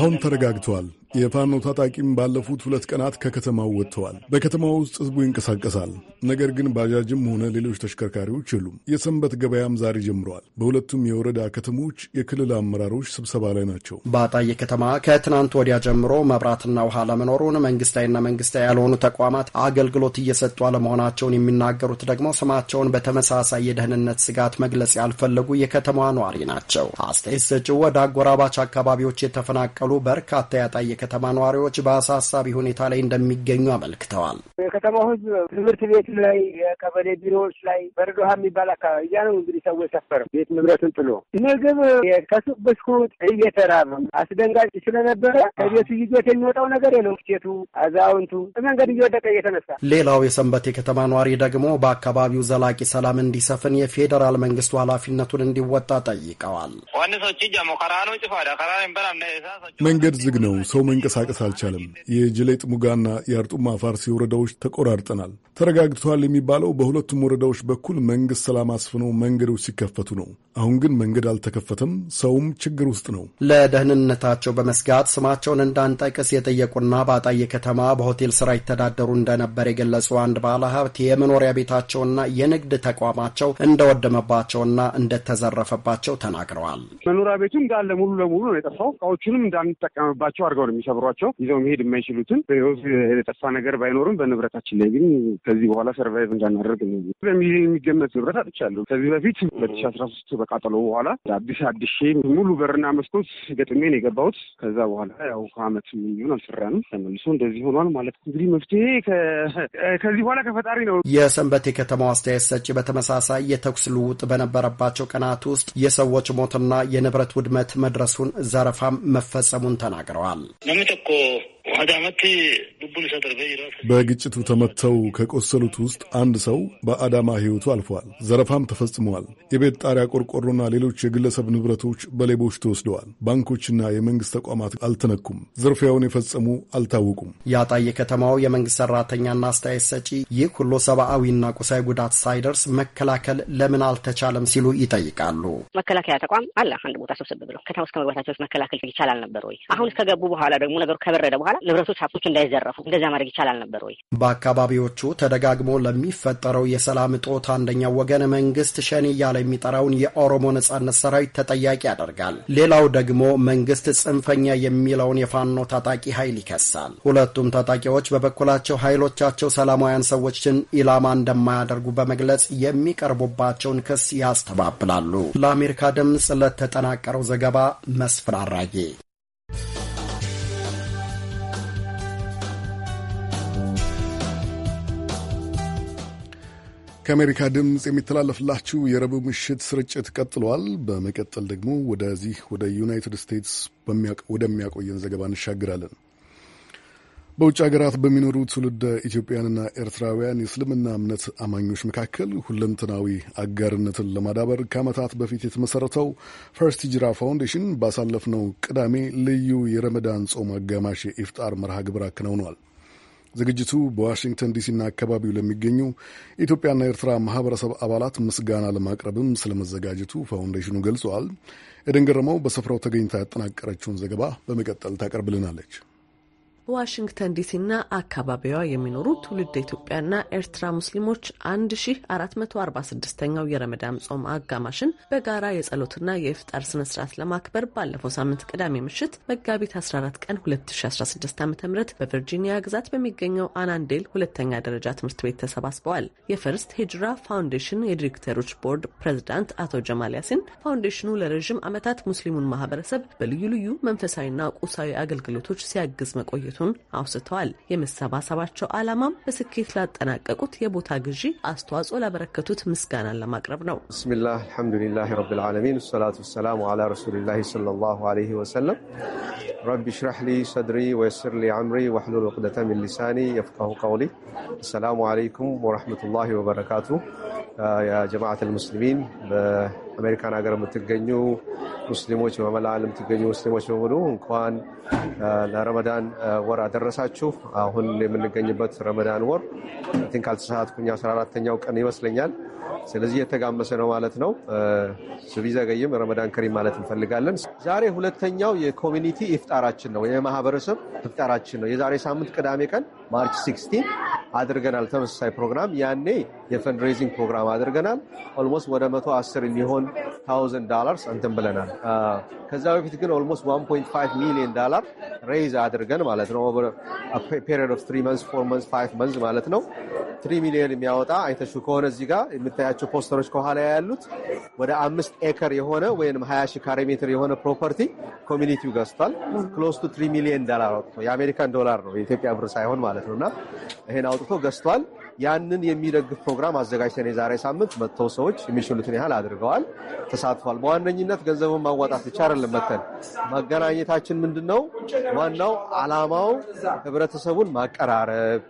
አሁን ተረጋግተዋል። የፋኖ ታጣቂም ባለፉት ሁለት ቀናት ከከተማው ወጥተዋል። በከተማ ውስጥ ህዝቡ ይንቀሳቀሳል፣ ነገር ግን ባጃጅም ሆነ ሌሎች ተሽከርካሪዎች የሉም። የሰንበት ገበያም ዛሬ ጀምረዋል። በሁለቱም የወረዳ ከተሞች የክልል አመራሮች ስብሰባ ላይ ናቸው። በአጣዬ ከተማ ከትናንት ወዲያ ጀምሮ መብራትና ውሃ ለመኖሩን መንግስታዊና
መንግስታዊ ያልሆኑ ተቋማት አገልግሎት እየሰጡ አለመሆናቸውን የሚናገሩት ደግሞ ስማቸውን በተመሳሳይ የደህንነት ስጋት መግለጽ ያልፈለጉ የከተማዋ ነዋሪ ናቸው። አስተያየት ሰጪው ወደ አጎራባች አካባቢዎች የተፈናቀሉ በርካታ ያጣየ የከተማ ነዋሪዎች በአሳሳቢ ሁኔታ ላይ እንደሚገኙ አመልክተዋል።
የከተማው ህዝብ ትምህርት ቤት ላይ፣ የቀበሌ ቢሮዎች ላይ በርዶሃ የሚባል አካባቢ እያ ነው እንግዲህ ሰው የሰፈረው ቤት ንብረቱን ጥሎ ምግብ ከሱቅ ብስኩት እየተራበ አስደንጋጭ ስለነበረ ከቤቱ ይዞት የሚወጣው ነገር የለም። ሴቱ፣ አዛውንቱ መንገድ እየወደቀ እየተነሳ።
ሌላው የሰንበት የከተማ ነዋሪ ደግሞ በአካባቢው ዘላቂ ሰላም እንዲሰፍን የፌዴራል መንግስቱ ኃላፊነቱን እንዲወጣ ጠይቀዋል።
መንገድ ዝግ ነው። ሰው መንቀሳቀስ አልቻለም። የጅሌጥ ሙጋና የአርጡማ ፋርሲ ወረዳዎች ተቆራርጠናል። ተረጋግተዋል የሚባለው በሁለቱም ወረዳዎች በኩል መንግስት ሰላም አስፍኖ መንገዶች ሲከፈቱ ነው። አሁን ግን መንገድ አልተከፈተም። ሰውም ችግር ውስጥ ነው።
ለደህንነታቸው በመስጋት ስማቸውን እንዳንጠቅስ የጠየቁና በአጣየ ከተማ በሆቴል ስራ ይተዳደሩ እንደነበር የገለጹ አንድ ባለሀብት የመኖሪያ ቤታቸውና የንግድ ተቋማቸው እንደወደመባቸውና እንደተዘረፈባቸው ተናግረዋል።
መኖሪያ ቤቱ እንዳለ ሙሉ
ለሙሉ ነው የጠፋው። እቃዎቹንም እንዳንጠቀምባቸው አድርገው ነው የሚሰብሯቸው ይዘው መሄድ የማይችሉትን በህይወት የጠፋ ነገር ባይኖርም በንብረታችን ላይ ግን ከዚህ በኋላ ሰርቫይቭ እንዳናደርግ የሚገመት ንብረት አጥቻለሁ። ከዚህ በፊት ሁለት ሺ አስራ ሶስት በቃጠሎ በኋላ አዲስ አዲሼ ሙሉ በርና መስኮት ገጥሜን ነው የገባሁት። ከዛ በኋላ ያው ከአመት የሚሆን አልሰራንም። ተመልሶ እንደዚህ ሆኗል ማለት እንግዲህ መፍትሄ ከዚህ በኋላ ከፈጣሪ ነው።
የሰንበቴ ከተማው አስተያየት ሰጪ በተመሳሳይ የተኩስ ልውውጥ በነበረባቸው ቀናት ውስጥ የሰዎች ሞትና የንብረት ውድመት መድረሱን ዘረፋም መፈጸሙን ተናግረዋል።
飲むとこう
በግጭቱ ተመተው ከቆሰሉት ውስጥ አንድ ሰው በአዳማ ሕይወቱ አልፏል። ዘረፋም ተፈጽመዋል። የቤት ጣሪያ ቆርቆሮና ሌሎች የግለሰብ ንብረቶች በሌቦች ተወስደዋል። ባንኮችና የመንግስት ተቋማት አልተነኩም። ዝርፊያውን የፈጸሙ አልታወቁም። የአጣዬ የከተማው
የመንግስት ሰራተኛና አስተያየት ሰጪ ይህ ሁሉ ሰብአዊና ቁሳዊ ጉዳት ሳይደርስ መከላከል ለምን አልተቻለም ሲሉ ይጠይቃሉ።
መከላከያ ተቋም አለ አንድ ቦታ ሰብሰብ ብለው ከተማ ውስጥ ከመግባታቸው መከላከል ይቻላል ነበር ወይ? አሁን እስከገቡ በኋላ ደግሞ ነገሩ ከበረደ በኋላ በኋላ ንብረቶች፣ ሀብቶች እንዳይዘረፉ እንደዚያ ማድረግ ይቻላል ነበር ወይ?
በአካባቢዎቹ ተደጋግሞ ለሚፈጠረው የሰላም እጦት አንደኛው ወገን መንግስት ሸኔ እያለ የሚጠራውን የኦሮሞ ነጻነት ሰራዊት ተጠያቂ ያደርጋል። ሌላው ደግሞ መንግስት ጽንፈኛ የሚለውን የፋኖ ታጣቂ ኃይል ይከሳል። ሁለቱም ታጣቂዎች በበኩላቸው ኃይሎቻቸው ሰላማውያን ሰዎችን ኢላማ እንደማያደርጉ በመግለጽ የሚቀርቡባቸውን ክስ ያስተባብላሉ። ለአሜሪካ ድምፅ ለተጠናቀረው ዘገባ መስፍን
አራጌ ከአሜሪካ ድምፅ የሚተላለፍላችሁ የረቡዕ ምሽት ስርጭት ቀጥሏል። በመቀጠል ደግሞ ወደዚህ ወደ ዩናይትድ ስቴትስ ወደሚያቆየን ዘገባ እንሻግራለን። በውጭ ሀገራት በሚኖሩ ትውልደ ኢትዮጵያንና ኤርትራውያን የእስልምና እምነት አማኞች መካከል ሁለንተናዊ አጋርነትን ለማዳበር ከዓመታት በፊት የተመሠረተው ፈርስት ጅራ ፋውንዴሽን ባሳለፍነው ቅዳሜ ልዩ የረመዳን ጾም አጋማሽ የኢፍጣር መርሃ ግብር አከናውኗል። ዝግጅቱ በዋሽንግተን ዲሲና አካባቢው ለሚገኙ ኢትዮጵያና ኤርትራ ማህበረሰብ አባላት ምስጋና ለማቅረብም ስለመዘጋጀቱ ፋውንዴሽኑ ገልጸዋል። ኤደን በስፍራው ተገኝታ ያጠናቀረችውን ዘገባ በመቀጠል ታቀርብልናለች።
በዋሽንግተን ዲሲና አካባቢዋ የሚኖሩ ትውልድ ኢትዮጵያና ኤርትራ ሙስሊሞች 1446ኛው የረመዳን ጾም አጋማሽን በጋራ የጸሎትና የኢፍጣር ስነስርዓት ስርዓት ለማክበር ባለፈው ሳምንት ቅዳሜ ምሽት መጋቢት 14 ቀን 2016 ዓ ም በቨርጂኒያ ግዛት በሚገኘው አናንዴል ሁለተኛ ደረጃ ትምህርት ቤት ተሰባስበዋል። የፈርስት ሂጅራ ፋውንዴሽን የዲሬክተሮች ቦርድ ፕሬዚዳንት አቶ ጀማል ያሲን ፋውንዴሽኑ ለረዥም ዓመታት ሙስሊሙን ማህበረሰብ በልዩ ልዩ መንፈሳዊና ቁሳዊ አገልግሎቶች ሲያግዝ መቆየቱ ውጤቱን አውስተዋል። የመሰባሰባቸው ዓላማም በስኬት ላጠናቀቁት የቦታ ግዢ አስተዋጽኦ ላበረከቱት ምስጋናን ለማቅረብ ነው።
ብስሚላህ አልሐምዱሊላህ ረብልዓለሚን ሰላቱ ወሰላሙ ዓላ ረሱሊላህ ሰለላሁ ዓለይሂ ወሰለም ረቢ ሽራሕሊ ሰድሪ ወየስር ሊ አምሪ ወሕሉል ዑቅደተ ሚን ሊሳኒ የፍቃሁ ቀውሊ። አሰላሙ ዓለይኩም ወረሕመቱላሂ ወበረካቱ። የጀማዓት አልሙስሊሚን በአሜሪካን ሀገር የምትገኙ ሙስሊሞች በመላ ዓለም የምትገኙ ሙስሊሞች በሙሉ እንኳን ለረመዳን ወር አደረሳችሁ። አሁን የምንገኝበት ረመዳን ወር ቲንክ አልተሳሳትኩኝ 14ተኛው ቀን ይመስለኛል። ስለዚህ የተጋመሰ ነው ማለት ነው። ስቢዘገይም ረመዳን ከሪም ማለት እንፈልጋለን። ዛሬ ሁለተኛው የኮሚኒቲ ኢፍጣራችን ነው፣ የማህበረሰብ ኢፍጣራችን ነው። የዛሬ ሳምንት ቅዳሜ ቀን ማርች 16 አድርገናል ተመሳሳይ ፕሮግራም። ያኔ የፈንድሬዚንግ ፕሮግራም አድርገናል። ኦልሞስት ወደ 110 የሚሆን ታውዘንድ ዳላርስ እንትን ብለናል። ከዛ በፊት ግን ኦልሞስት 1.5 ሚሊዮን ዶላር ዶላር ሬይዝ አድርገን ማለት ነው ፔሪድ ኦፍ ትሪ መንዝ ፎር መንዝ ፋይቭ መንዝ ማለት ነው ትሪ ሚሊዮን የሚያወጣ አይተሹ ከሆነ እዚህ ጋር የምታያቸው ፖስተሮች ከኋላ ያሉት ወደ አምስት ኤከር የሆነ ወይም ሀያ ሺ ካሬ ሜትር የሆነ ፕሮፐርቲ ኮሚኒቲው ገዝቷል። ክሎስ ቱ ትሪ ሚሊዮን ዶላር አውጥቶ የአሜሪካን ዶላር ነው የኢትዮጵያ ብር ሳይሆን ማለት ነው እና ይሄን አውጥቶ ገዝቷል። ያንን የሚደግፍ ፕሮግራም አዘጋጅተን የዛሬ ሳምንት መጥተው ሰዎች የሚችሉትን ያህል አድርገዋል፣ ተሳትፏል። በዋነኝነት ገንዘቡን ማዋጣት ብቻ አይደለም። መተን መገናኘታችን ምንድን ነው ዋናው ዓላማው ህብረተሰቡን ማቀራረብ፣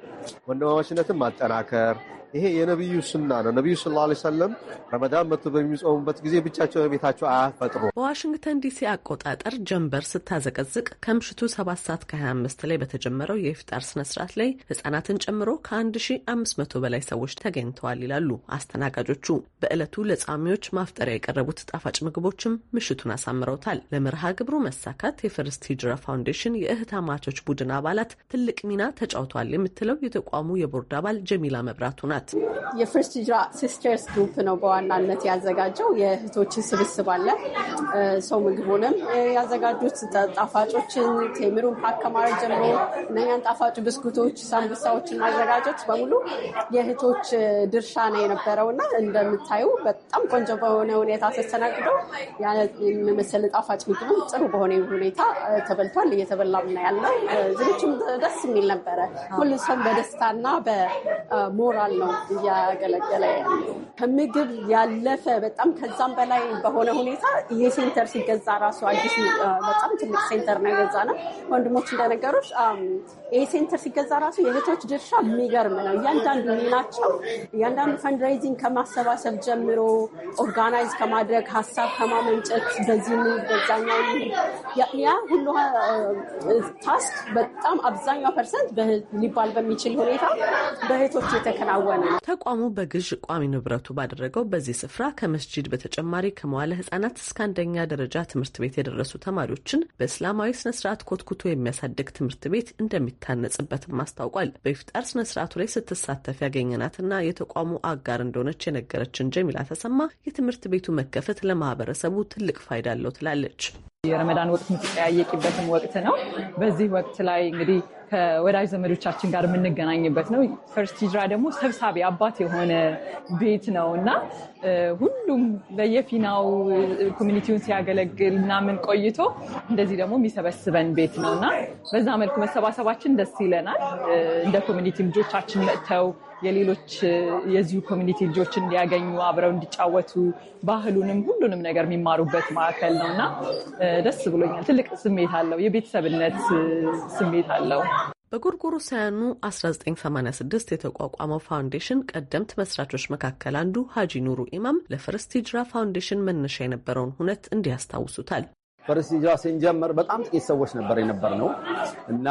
ወንድማማችነትን ማጠናከር ይሄ የነቢዩ ስና ነው። ነቢዩ ስለ ላ ሰለም ረመዳን መቶ በሚጾሙበት ጊዜ ብቻቸው በቤታቸው አያፈጥሩ።
በዋሽንግተን ዲሲ አቆጣጠር ጀንበር ስታዘቀዝቅ ከምሽቱ 7 ሰዓት ከ25 ላይ በተጀመረው የኢፍጣር ስነስርዓት ላይ ህጻናትን ጨምሮ ከ1500 በላይ ሰዎች ተገኝተዋል ይላሉ አስተናጋጆቹ። በዕለቱ ለጻሚዎች ማፍጠሪያ የቀረቡት ጣፋጭ ምግቦችም ምሽቱን አሳምረውታል። ለመርሃ ግብሩ መሳካት የፈርስት ሂጅራ ፋውንዴሽን የእህትማማቾች ቡድን አባላት ትልቅ ሚና ተጫውተዋል የምትለው የተቋሙ የቦርድ አባል ጀሚላ መብራቱ ናት። ናት።
የፍርስት ሂጅራ ሲስተርስ ግሩፕ ነው በዋናነት ያዘጋጀው። የእህቶችን ስብስብ አለ። ሰው ምግቡንም ያዘጋጁት ጣፋጮችን ቴምሩን ፓክ ከማድረግ ጀምሮ እነኛን ጣፋጭ ብስኩቶች፣ ሳምቡሳዎችን ማዘጋጀት በሙሉ የእህቶች ድርሻ ነው የነበረው እና እንደምታዩ በጣም ቆንጆ በሆነ ሁኔታ ተስተናግዶ የመሰለ ጣፋጭ ምግብ ጥሩ በሆነ ሁኔታ ተበልቷል። እየተበላም ነው ያለው። ዝግጅቱም ደስ የሚል ነበረ። ሁሉ ሰውም በደስታና በሞራል ነው እያገለገለ ያለው ከምግብ ያለፈ በጣም ከዛም በላይ በሆነ ሁኔታ ይህ ሴንተር ሲገዛ ራሱ አዲስ በጣም ትልቅ ሴንተር ነው የገዛ ነው። ወንድሞች እንደነገሮች ይህ ሴንተር ሲገዛ ራሱ የእህቶች ድርሻ የሚገርም ነው። እያንዳንዱ ሚናቸው እያንዳንዱ ፈንድራይዚንግ ከማሰባሰብ ጀምሮ ኦርጋናይዝ ከማድረግ ሀሳብ ከማመንጨት በዚህ በዛኛው ያ ሁሉ ታስክ በጣም አብዛኛው ፐርሰንት ሊባል በሚችል ሁኔታ በእህቶች የተከናወነ
ተቋሙ በግዥ ቋሚ ንብረቱ ባደረገው በዚህ ስፍራ ከመስጂድ በተጨማሪ ከመዋለ ህጻናት እስከ አንደኛ ደረጃ ትምህርት ቤት የደረሱ ተማሪዎችን በእስላማዊ ስነ ስርዓት ኮትኩቶ የሚያሳድግ ትምህርት ቤት እንደሚታነጽበትም አስታውቋል። በኢፍጣር ስነ ስርዓቱ ላይ ስትሳተፍ ያገኘናትና የተቋሙ አጋር እንደሆነች የነገረችን ጀሚላ ተሰማ የትምህርት ቤቱ መከፈት ለማህበረሰቡ ትልቅ ፋይዳ አለው ትላለች። የረመዳን ወቅት የምትጠያየቂበትም ወቅት ነው። በዚህ ወቅት ላይ እንግዲህ ከወዳጅ ዘመዶቻችን ጋር
የምንገናኝበት ነው። ፈርስት ሂጅራ ደግሞ ሰብሳቢ አባት የሆነ ቤት ነው እና ሁሉም በየፊናው ኮሚኒቲውን ሲያገለግል ምናምን ቆይቶ እንደዚህ ደግሞ የሚሰበስበን ቤት ነው እና በዛ መልኩ መሰባሰባችን ደስ ይለናል። እንደ ኮሚኒቲ ልጆቻችን መጥተው የሌሎች የዚሁ ኮሚኒቲ ልጆች እንዲያገኙ አብረው እንዲጫወቱ ባህሉንም ሁሉንም ነገር የሚማሩበት ማዕከል ነው እና ደስ ብሎኛል። ትልቅ ስሜት አለው፣ የቤተሰብነት ስሜት አለው።
በጎርጎሮሳውያኑ 1986 የተቋቋመው ፋውንዴሽን ቀደምት መስራቾች መካከል አንዱ ሀጂ ኑሩ ኢማም ለፈርስት ሂጅራ ፋውንዴሽን መነሻ የነበረውን ሁነት እንዲህ ያስታውሱታል።
ፈረስጃ ስንጀምር በጣም ጥቂት ሰዎች ነበር የነበር ነው እና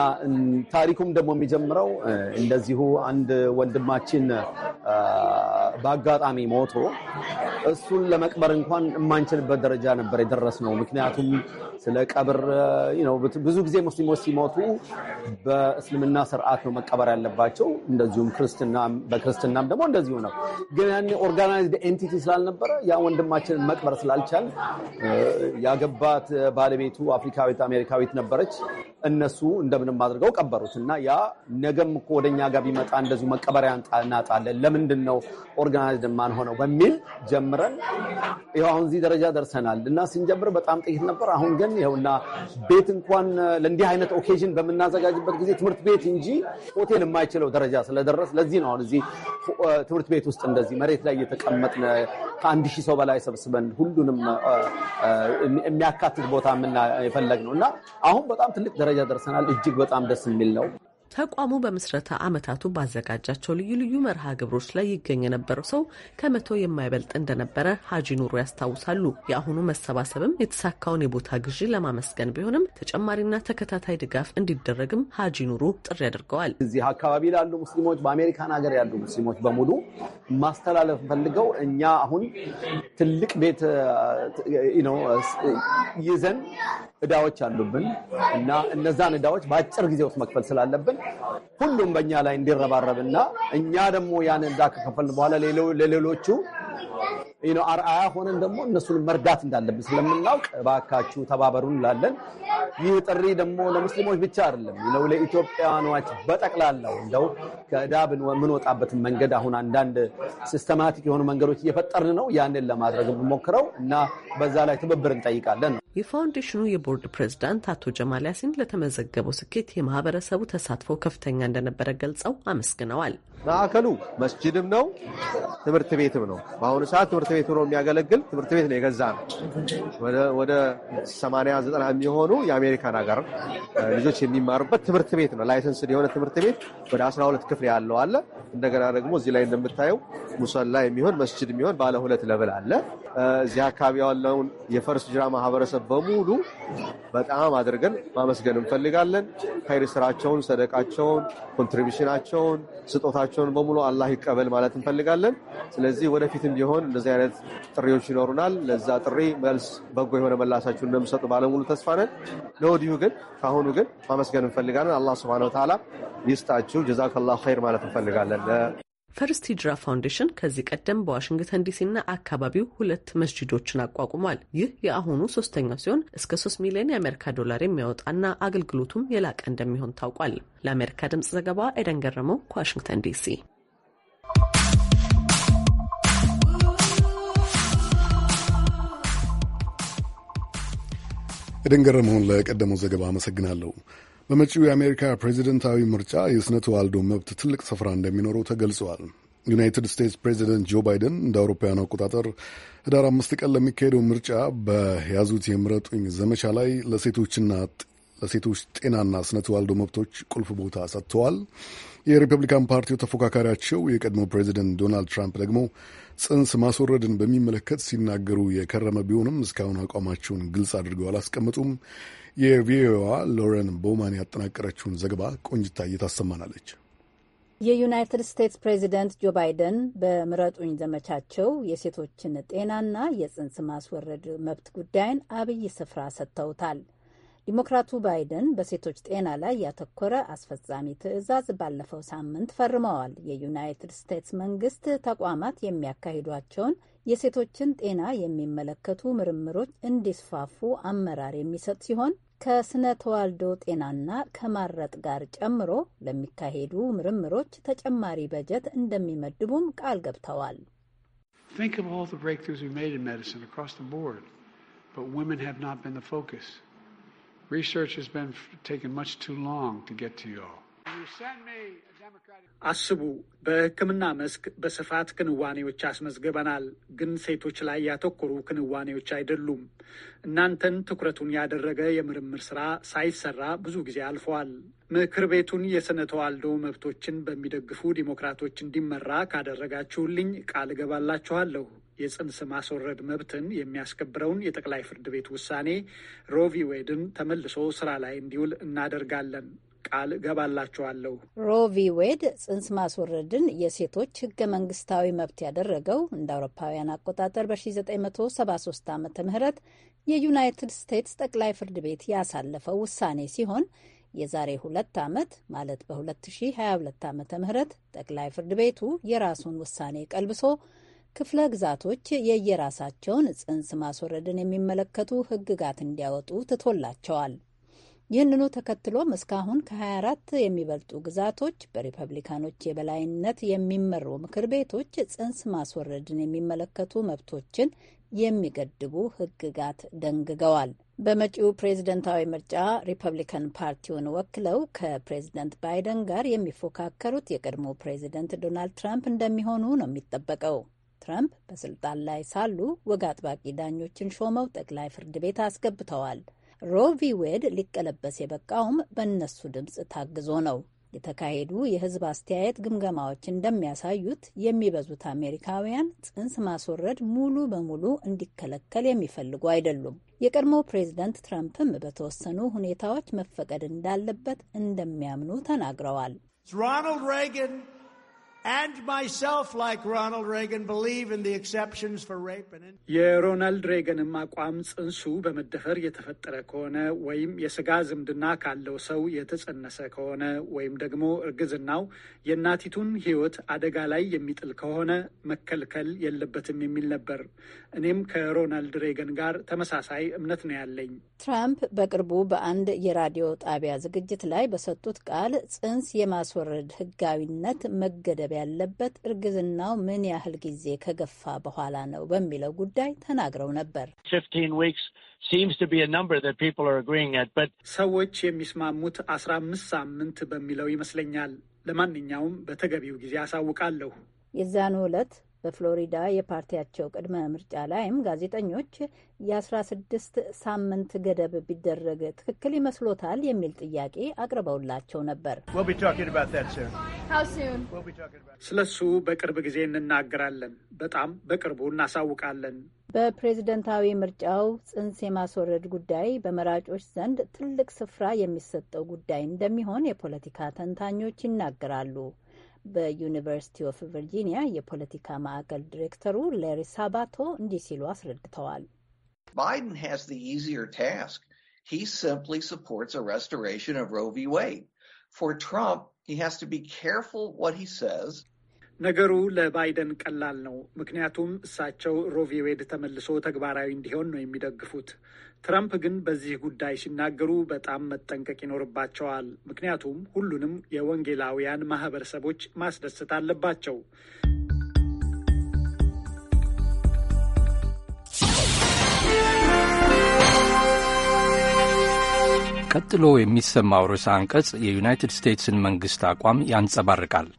ታሪኩም ደግሞ የሚጀምረው እንደዚሁ አንድ ወንድማችን በአጋጣሚ ሞቶ እሱን ለመቅበር እንኳን የማንችልበት ደረጃ ነበር የደረስ ነው። ምክንያቱም ስለ ቀብር ብዙ ጊዜ ሙስሊሞች ሲሞቱ በእስልምና ስርዓት ነው መቀበር ያለባቸው። እንደዚሁም በክርስትናም ደግሞ እንደዚሁ ነው። ግን ያኔ ኦርጋናይዝድ ኤንቲቲ ስላልነበረ ያ ወንድማችንን መቅበር ስላልቻል ያገባት ባለቤቱ አፍሪካዊት አሜሪካዊት ነበረች። እነሱ እንደምንም አድርገው ቀበሩት እና ያ ነገም እኮ ወደኛ ጋር ቢመጣ እንደዚሁ መቀበሪያ እናጣለን፣ ለምንድን ነው ኦርጋናይዝድ ማን ሆነው በሚል ጀምረን ይኸው አሁን እዚህ ደረጃ ደርሰናል። እና ስንጀምር በጣም ጥቂት ነበር። አሁን ግን ይኸውና ቤት እንኳን ለእንዲህ አይነት ኦኬዥን በምናዘጋጅበት ጊዜ ትምህርት ቤት እንጂ ሆቴል የማይችለው ደረጃ ስለደረስ ለዚህ ነው አሁን እዚህ ትምህርት ቤት ውስጥ እንደዚህ መሬት ላይ እየተቀመጥን ከአንድ ሺህ ሰው በላይ ሰብስበን ሁሉንም የሚያካትት ቦታ የፈለግ ነው እና አሁን በጣም ትልቅ ደረጃ ደርሰናል። እጅግ በጣም ደስ የሚል ነው።
ተቋሙ በምስረተ ዓመታቱ ባዘጋጃቸው ልዩ ልዩ መርሃ ግብሮች ላይ ይገኝ የነበረው ሰው ከመቶ የማይበልጥ እንደነበረ ሀጂ ኑሮ ያስታውሳሉ። የአሁኑ መሰባሰብም የተሳካውን የቦታ ግዢ ለማመስገን ቢሆንም ተጨማሪና ተከታታይ ድጋፍ እንዲደረግም ሀጂ ኑሩ ጥሪ አድርገዋል። እዚህ አካባቢ
ላሉ ሙስሊሞች፣ በአሜሪካን ሀገር ያሉ ሙስሊሞች በሙሉ ማስተላለፍ ፈልገው እኛ አሁን ትልቅ ቤት ይዘን እዳዎች አሉብን እና እነዛን እዳዎች በአጭር ጊዜ ውስጥ መክፈል ስላለብን ሁሉም በእኛ ላይ እንዲረባረብና እኛ ደግሞ ያንን እዳ ከከፈልን በኋላ ለሌሎቹ አርአያ ሆነን ደግሞ እነሱን መርዳት እንዳለብን ስለምናውቅ እባካችሁ ተባበሩ እንላለን። ይህ ጥሪ ደግሞ ለሙስሊሞች ብቻ አይደለም ነው ለኢትዮጵያኖች በጠቅላላው እንደው ከዕዳ የምንወጣበትን መንገድ አሁን አንዳንድ ሲስተማቲክ የሆኑ መንገዶች እየፈጠርን ነው።
ያንን ለማድረግ ሞክረው እና በዛ ላይ ትብብር እንጠይቃለን ነው። የፋውንዴሽኑ የቦርድ ፕሬዝዳንት አቶ ጀማል ያሲን ለተመዘገበው ስኬት የማህበረሰቡ ተሳትፎ ከፍተኛ እንደነበረ ገልጸው አመስግነዋል።
ማዕከሉ መስጅድም ነው፣ ትምህርት ቤትም ነው። በአሁኑ ሰዓት ትምህርት ቤት ሆኖ የሚያገለግል ትምህርት ቤት ነው የገዛ ነው። ወደ ሰማንያ ዘጠና የሚሆኑ የአሜሪካን ሀገር ልጆች የሚማሩበት ትምህርት ቤት ነው። ላይሰንስ የሆነ ትምህርት ቤት ወደ 12 ክፍል ያለው አለ። እንደገና ደግሞ እዚህ ላይ እንደምታየው ሙሰላ የሚሆን መስጅድ የሚሆን ባለ ሁለት ለብል አለ። እዚህ አካባቢ ያለውን የፈረስ ጅራ ማህበረሰብ በሙሉ በጣም አድርገን ማመስገን እንፈልጋለን። ኸይር ስራቸውን፣ ሰደቃቸውን፣ ኮንትሪቢሽናቸውን፣ ስጦታቸውን በሙሉ አላህ ይቀበል ማለት እንፈልጋለን። ስለዚህ ወደፊትም ቢሆን እንደዚህ አይነት ጥሪዎች ይኖሩናል። ለዛ ጥሪ መልስ በጎ የሆነ መላሳችሁ እንደምሰጡ ባለሙሉ ተስፋ ነን። ለወዲሁ ግን ከአሁኑ ግን ማመስገን እንፈልጋለን። አላህ ስብሃነ ወተዓላ ይስጣችሁ። ጀዛከላሁ ኸይር ማለት እንፈልጋለን።
ፈርስት ሂጅራ ፋውንዴሽን ከዚህ ቀደም በዋሽንግተን ዲሲና አካባቢው ሁለት መስጂዶችን አቋቁሟል። ይህ የአሁኑ ሶስተኛው ሲሆን እስከ ሶስት ሚሊዮን የአሜሪካ ዶላር የሚያወጣና አገልግሎቱም የላቀ እንደሚሆን ታውቋል። ለአሜሪካ ድምጽ ዘገባ ኤደን ገረመው ከዋሽንግተን ዲሲ።
ኤደን ገረመውን ለቀደመው ዘገባ አመሰግናለሁ። በመጪው የአሜሪካ ፕሬዚደንታዊ ምርጫ የስነ ተዋልዶ መብት ትልቅ ስፍራ እንደሚኖረው ተገልጸዋል። ዩናይትድ ስቴትስ ፕሬዚደንት ጆ ባይደን እንደ አውሮፓውያኑ አቆጣጠር ህዳር አምስት ቀን ለሚካሄደው ምርጫ በያዙት የምረጡኝ ዘመቻ ላይ ለሴቶችና ለሴቶች ጤናና ስነ ተዋልዶ መብቶች ቁልፍ ቦታ ሰጥተዋል። የሪፐብሊካን ፓርቲው ተፎካካሪያቸው የቀድሞ ፕሬዚደንት ዶናልድ ትራምፕ ደግሞ ጽንስ ማስወረድን በሚመለከት ሲናገሩ የከረመ ቢሆንም እስካሁን አቋማቸውን ግልጽ አድርገው አላስቀመጡም። የቪኦኤዋ ሎረን ቦማን ያጠናቀረችውን ዘገባ ቆንጅታ እየታሰማናለች።
የዩናይትድ ስቴትስ ፕሬዚደንት ጆ ባይደን በምረጡኝ ዘመቻቸው የሴቶችን ጤናና የጽንስ ማስወረድ መብት ጉዳይን አብይ ስፍራ ሰጥተውታል። ዲሞክራቱ ባይደን በሴቶች ጤና ላይ ያተኮረ አስፈጻሚ ትዕዛዝ ባለፈው ሳምንት ፈርመዋል። የዩናይትድ ስቴትስ መንግስት ተቋማት የሚያካሂዷቸውን የሴቶችን ጤና የሚመለከቱ ምርምሮች እንዲስፋፉ አመራር የሚሰጥ ሲሆን ከስነ ተዋልዶ ጤናና ከማረጥ ጋር ጨምሮ ለሚካሄዱ ምርምሮች ተጨማሪ በጀት እንደሚመድቡም ቃል ገብተዋል።
ሪሰርች has been taken much too long to get to you አስቡ፣ በሕክምና መስክ በስፋት ክንዋኔዎች አስመዝግበናል፣ ግን ሴቶች ላይ ያተኮሩ ክንዋኔዎች አይደሉም። እናንተን ትኩረቱን ያደረገ የምርምር ስራ ሳይሰራ ብዙ ጊዜ አልፈዋል። ምክር ቤቱን የስነ ተዋልዶ መብቶችን በሚደግፉ ዲሞክራቶች እንዲመራ ካደረጋችሁልኝ ቃል እገባላችኋለሁ የጽንስ ማስወረድ መብትን የሚያስከብረውን የጠቅላይ ፍርድ ቤት ውሳኔ ሮቪ ዌድን ተመልሶ ስራ ላይ እንዲውል እናደርጋለን። ቃል ገባላችኋለሁ።
ሮቪ ዌድ ጽንስ ማስወረድን የሴቶች ህገ መንግስታዊ መብት ያደረገው እንደ አውሮፓውያን አቆጣጠር በ1973 ዓ ም የዩናይትድ ስቴትስ ጠቅላይ ፍርድ ቤት ያሳለፈው ውሳኔ ሲሆን የዛሬ ሁለት ዓመት ማለት በ2022 ዓ ም ጠቅላይ ፍርድ ቤቱ የራሱን ውሳኔ ቀልብሶ ክፍለ ግዛቶች የየራሳቸውን ጽንስ ማስወረድን የሚመለከቱ ህግጋት እንዲያወጡ ትቶላቸዋል። ይህንኑ ተከትሎም እስካሁን ከ24 የሚበልጡ ግዛቶች በሪፐብሊካኖች የበላይነት የሚመሩ ምክር ቤቶች ጽንስ ማስወረድን የሚመለከቱ መብቶችን የሚገድቡ ሕግጋት ደንግገዋል። በመጪው ፕሬዝደንታዊ ምርጫ ሪፐብሊካን ፓርቲውን ወክለው ከፕሬዝደንት ባይደን ጋር የሚፎካከሩት የቀድሞ ፕሬዝደንት ዶናልድ ትራምፕ እንደሚሆኑ ነው የሚጠበቀው። ትራምፕ በስልጣን ላይ ሳሉ ወግ አጥባቂ ዳኞችን ሾመው ጠቅላይ ፍርድ ቤት አስገብተዋል። ሮቪ ዌድ ሊቀለበስ የበቃውም በእነሱ ድምፅ ታግዞ ነው። የተካሄዱ የሕዝብ አስተያየት ግምገማዎች እንደሚያሳዩት የሚበዙት አሜሪካውያን ጽንስ ማስወረድ ሙሉ በሙሉ እንዲከለከል የሚፈልጉ አይደሉም። የቀድሞ ፕሬዝደንት ትራምፕም በተወሰኑ ሁኔታዎች መፈቀድ እንዳለበት እንደሚያምኑ ተናግረዋል። ሮናልድ ሬገን
የሮናልድ ሬገንም አቋም ጽንሱ በመደፈር የተፈጠረ ከሆነ ወይም የስጋ ዝምድና ካለው ሰው የተጸነሰ ከሆነ ወይም ደግሞ እርግዝናው የእናቲቱን ሕይወት አደጋ ላይ የሚጥል ከሆነ መከልከል የለበትም የሚል ነበር። እኔም ከሮናልድ ሬገን ጋር ተመሳሳይ እምነት ነው ያለኝ።
ትራምፕ በቅርቡ በአንድ የራዲዮ ጣቢያ ዝግጅት ላይ በሰጡት ቃል ጽንስ የማስወረድ ሕጋዊነት መገደቢያ ያለበት እርግዝናው ምን ያህል ጊዜ ከገፋ በኋላ ነው በሚለው ጉዳይ ተናግረው ነበር።
ሰዎች የሚስማሙት አስራ አምስት ሳምንት በሚለው ይመስለኛል። ለማንኛውም በተገቢው ጊዜ አሳውቃለሁ።
የዛኑ ዕለት በፍሎሪዳ የፓርቲያቸው ቅድመ ምርጫ ላይም ጋዜጠኞች የ16 ሳምንት ገደብ ቢደረግ ትክክል ይመስሎታል የሚል ጥያቄ አቅርበውላቸው ነበር።
ስለሱ በቅርብ ጊዜ እንናገራለን። በጣም በቅርቡ እናሳውቃለን።
በፕሬዝደንታዊ ምርጫው ጽንስ የማስወረድ ጉዳይ በመራጮች ዘንድ ትልቅ ስፍራ የሚሰጠው ጉዳይ እንደሚሆን የፖለቲካ ተንታኞች ይናገራሉ። በዩኒቨርሲቲ ኦፍ ቨርጂኒያ የፖለቲካ ማዕከል ዲሬክተሩ ሌሪ ሳባቶ እንዲህ ሲሉ አስረድተዋል።
ባይደን ሃዝ ዘ ኢዚየር ታስክ ሂ ሲምፕሊ ሰፖርትስ አ ሬስቶሬሽን ኦፍ ሮ ቪ ዌይድ ፎር ትራምፕ ሂ ሃዝ ቱ ቢ ኬርፉል
ዋት ሂ ሰዝ ነገሩ ለባይደን ቀላል ነው። ምክንያቱም እሳቸው ሮቪዌድ ተመልሶ ተግባራዊ እንዲሆን ነው የሚደግፉት። ትራምፕ ግን በዚህ ጉዳይ ሲናገሩ በጣም መጠንቀቅ ይኖርባቸዋል። ምክንያቱም ሁሉንም የወንጌላውያን ማህበረሰቦች ማስደሰት አለባቸው።
ቀጥሎ የሚሰማው ርዕሰ አንቀጽ የዩናይትድ ስቴትስን መንግስት አቋም ያንጸባርቃል።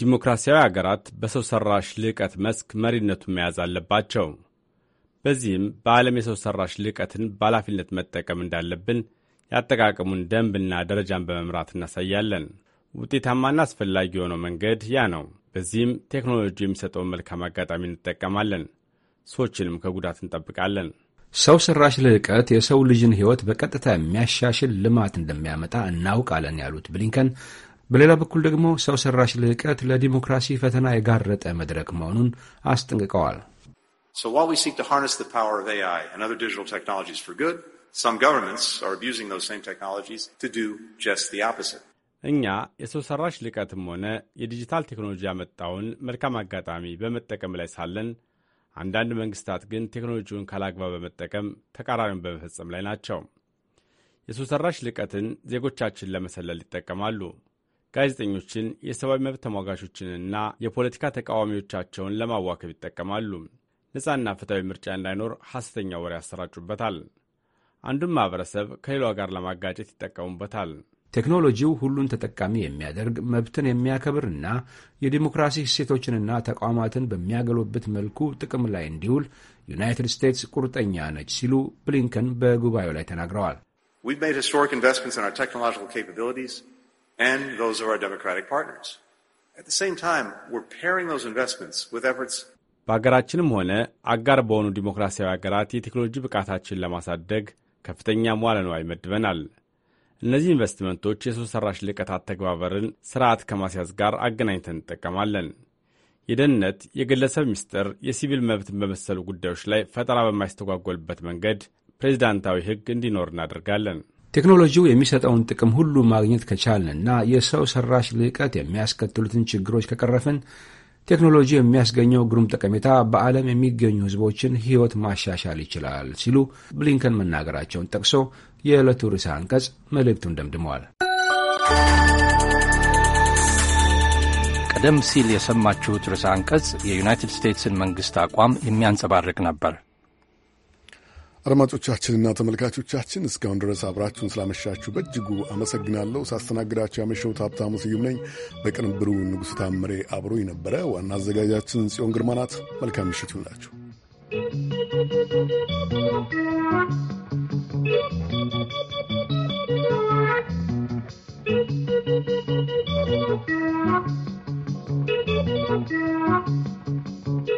ዲሞክራሲያዊ አገራት በሰው ሠራሽ ልዕቀት መስክ መሪነቱን መያዝ አለባቸው። በዚህም በዓለም የሰው ሠራሽ ልዕቀትን በኃላፊነት መጠቀም እንዳለብን የአጠቃቀሙን ደንብና ደረጃን በመምራት እናሳያለን። ውጤታማና አስፈላጊ የሆነው መንገድ ያ ነው። በዚህም ቴክኖሎጂ የሚሰጠውን መልካም አጋጣሚ እንጠቀማለን። ሰዎችንም ከጉዳት እንጠብቃለን።
ሰው ሠራሽ ልዕቀት የሰው ልጅን ሕይወት በቀጥታ የሚያሻሽል ልማት እንደሚያመጣ እናውቃለን ያሉት ብሊንከን በሌላ በኩል ደግሞ ሰው ሰራሽ ልዕቀት ለዲሞክራሲ ፈተና የጋረጠ መድረክ መሆኑን አስጠንቅቀዋል።
እኛ የሰው ሰራሽ ልዕቀትም ሆነ የዲጂታል ቴክኖሎጂ ያመጣውን መልካም አጋጣሚ በመጠቀም ላይ ሳለን አንዳንድ መንግስታት ግን ቴክኖሎጂውን ካላግባብ በመጠቀም ተቃራኒውን በመፈጸም ላይ ናቸው። የሰው ሰራሽ ልዕቀትን ዜጎቻችን ለመሰለል ይጠቀማሉ። ጋዜጠኞችን፣ የሰብአዊ መብት ተሟጋቾችንና የፖለቲካ ተቃዋሚዎቻቸውን ለማዋከብ ይጠቀማሉ። ነፃና ፍትሐዊ ምርጫ እንዳይኖር ሐሰተኛ ወሬ ያሰራጩበታል። አንዱን ማህበረሰብ ከሌሏ ጋር ለማጋጨት ይጠቀሙበታል።
ቴክኖሎጂው ሁሉን ተጠቃሚ የሚያደርግ መብትን የሚያከብር እና የዲሞክራሲ እሴቶችንና ተቋማትን በሚያገሉበት መልኩ ጥቅም ላይ እንዲውል ዩናይትድ ስቴትስ ቁርጠኛ ነች ሲሉ ብሊንከን በጉባኤው ላይ ተናግረዋል።
and those of our democratic partners. At the same time, we're pairing those investments with efforts
በሀገራችንም ሆነ አጋር በሆኑ ዲሞክራሲያዊ ሀገራት የቴክኖሎጂ ብቃታችን ለማሳደግ ከፍተኛ መዋለ ንዋይ መድበናል። እነዚህ ኢንቨስትመንቶች የሰው ሰራሽ ልቀት አተግባበርን ስርዓት ከማስያዝ ጋር አገናኝተን እንጠቀማለን። የደህንነት፣ የግለሰብ ምስጢር፣ የሲቪል መብትን በመሰሉ ጉዳዮች ላይ ፈጠራ በማይስተጓጎልበት መንገድ ፕሬዚዳንታዊ ሕግ እንዲኖር እናደርጋለን።
ቴክኖሎጂው የሚሰጠውን ጥቅም ሁሉ ማግኘት ከቻልንና የሰው ሰራሽ ልዕቀት የሚያስከትሉትን ችግሮች ከቀረፍን ቴክኖሎጂ የሚያስገኘው ግሩም ጠቀሜታ በዓለም የሚገኙ ሕዝቦችን ሕይወት ማሻሻል ይችላል ሲሉ ብሊንከን መናገራቸውን ጠቅሶ የዕለቱ ርዕሰ አንቀጽ መልእክቱን ደምድመዋል። ቀደም ሲል የሰማችሁት ርዕሰ አንቀጽ የዩናይትድ ስቴትስን
መንግሥት አቋም የሚያንጸባርቅ ነበር።
አድማጮቻችንና ተመልካቾቻችን እስካሁን ድረስ አብራችሁን ስላመሻችሁ በእጅጉ አመሰግናለሁ። ሳስተናግዳችሁ ያመሸሁት ሀብታሙ ስዩም ነኝ። በቅንብሩ ንጉሥ ታምሬ አብሮኝ ነበረ። ዋና አዘጋጃችን ጽዮን ግርማ ናት። መልካም ምሽት ይሁንላችሁ።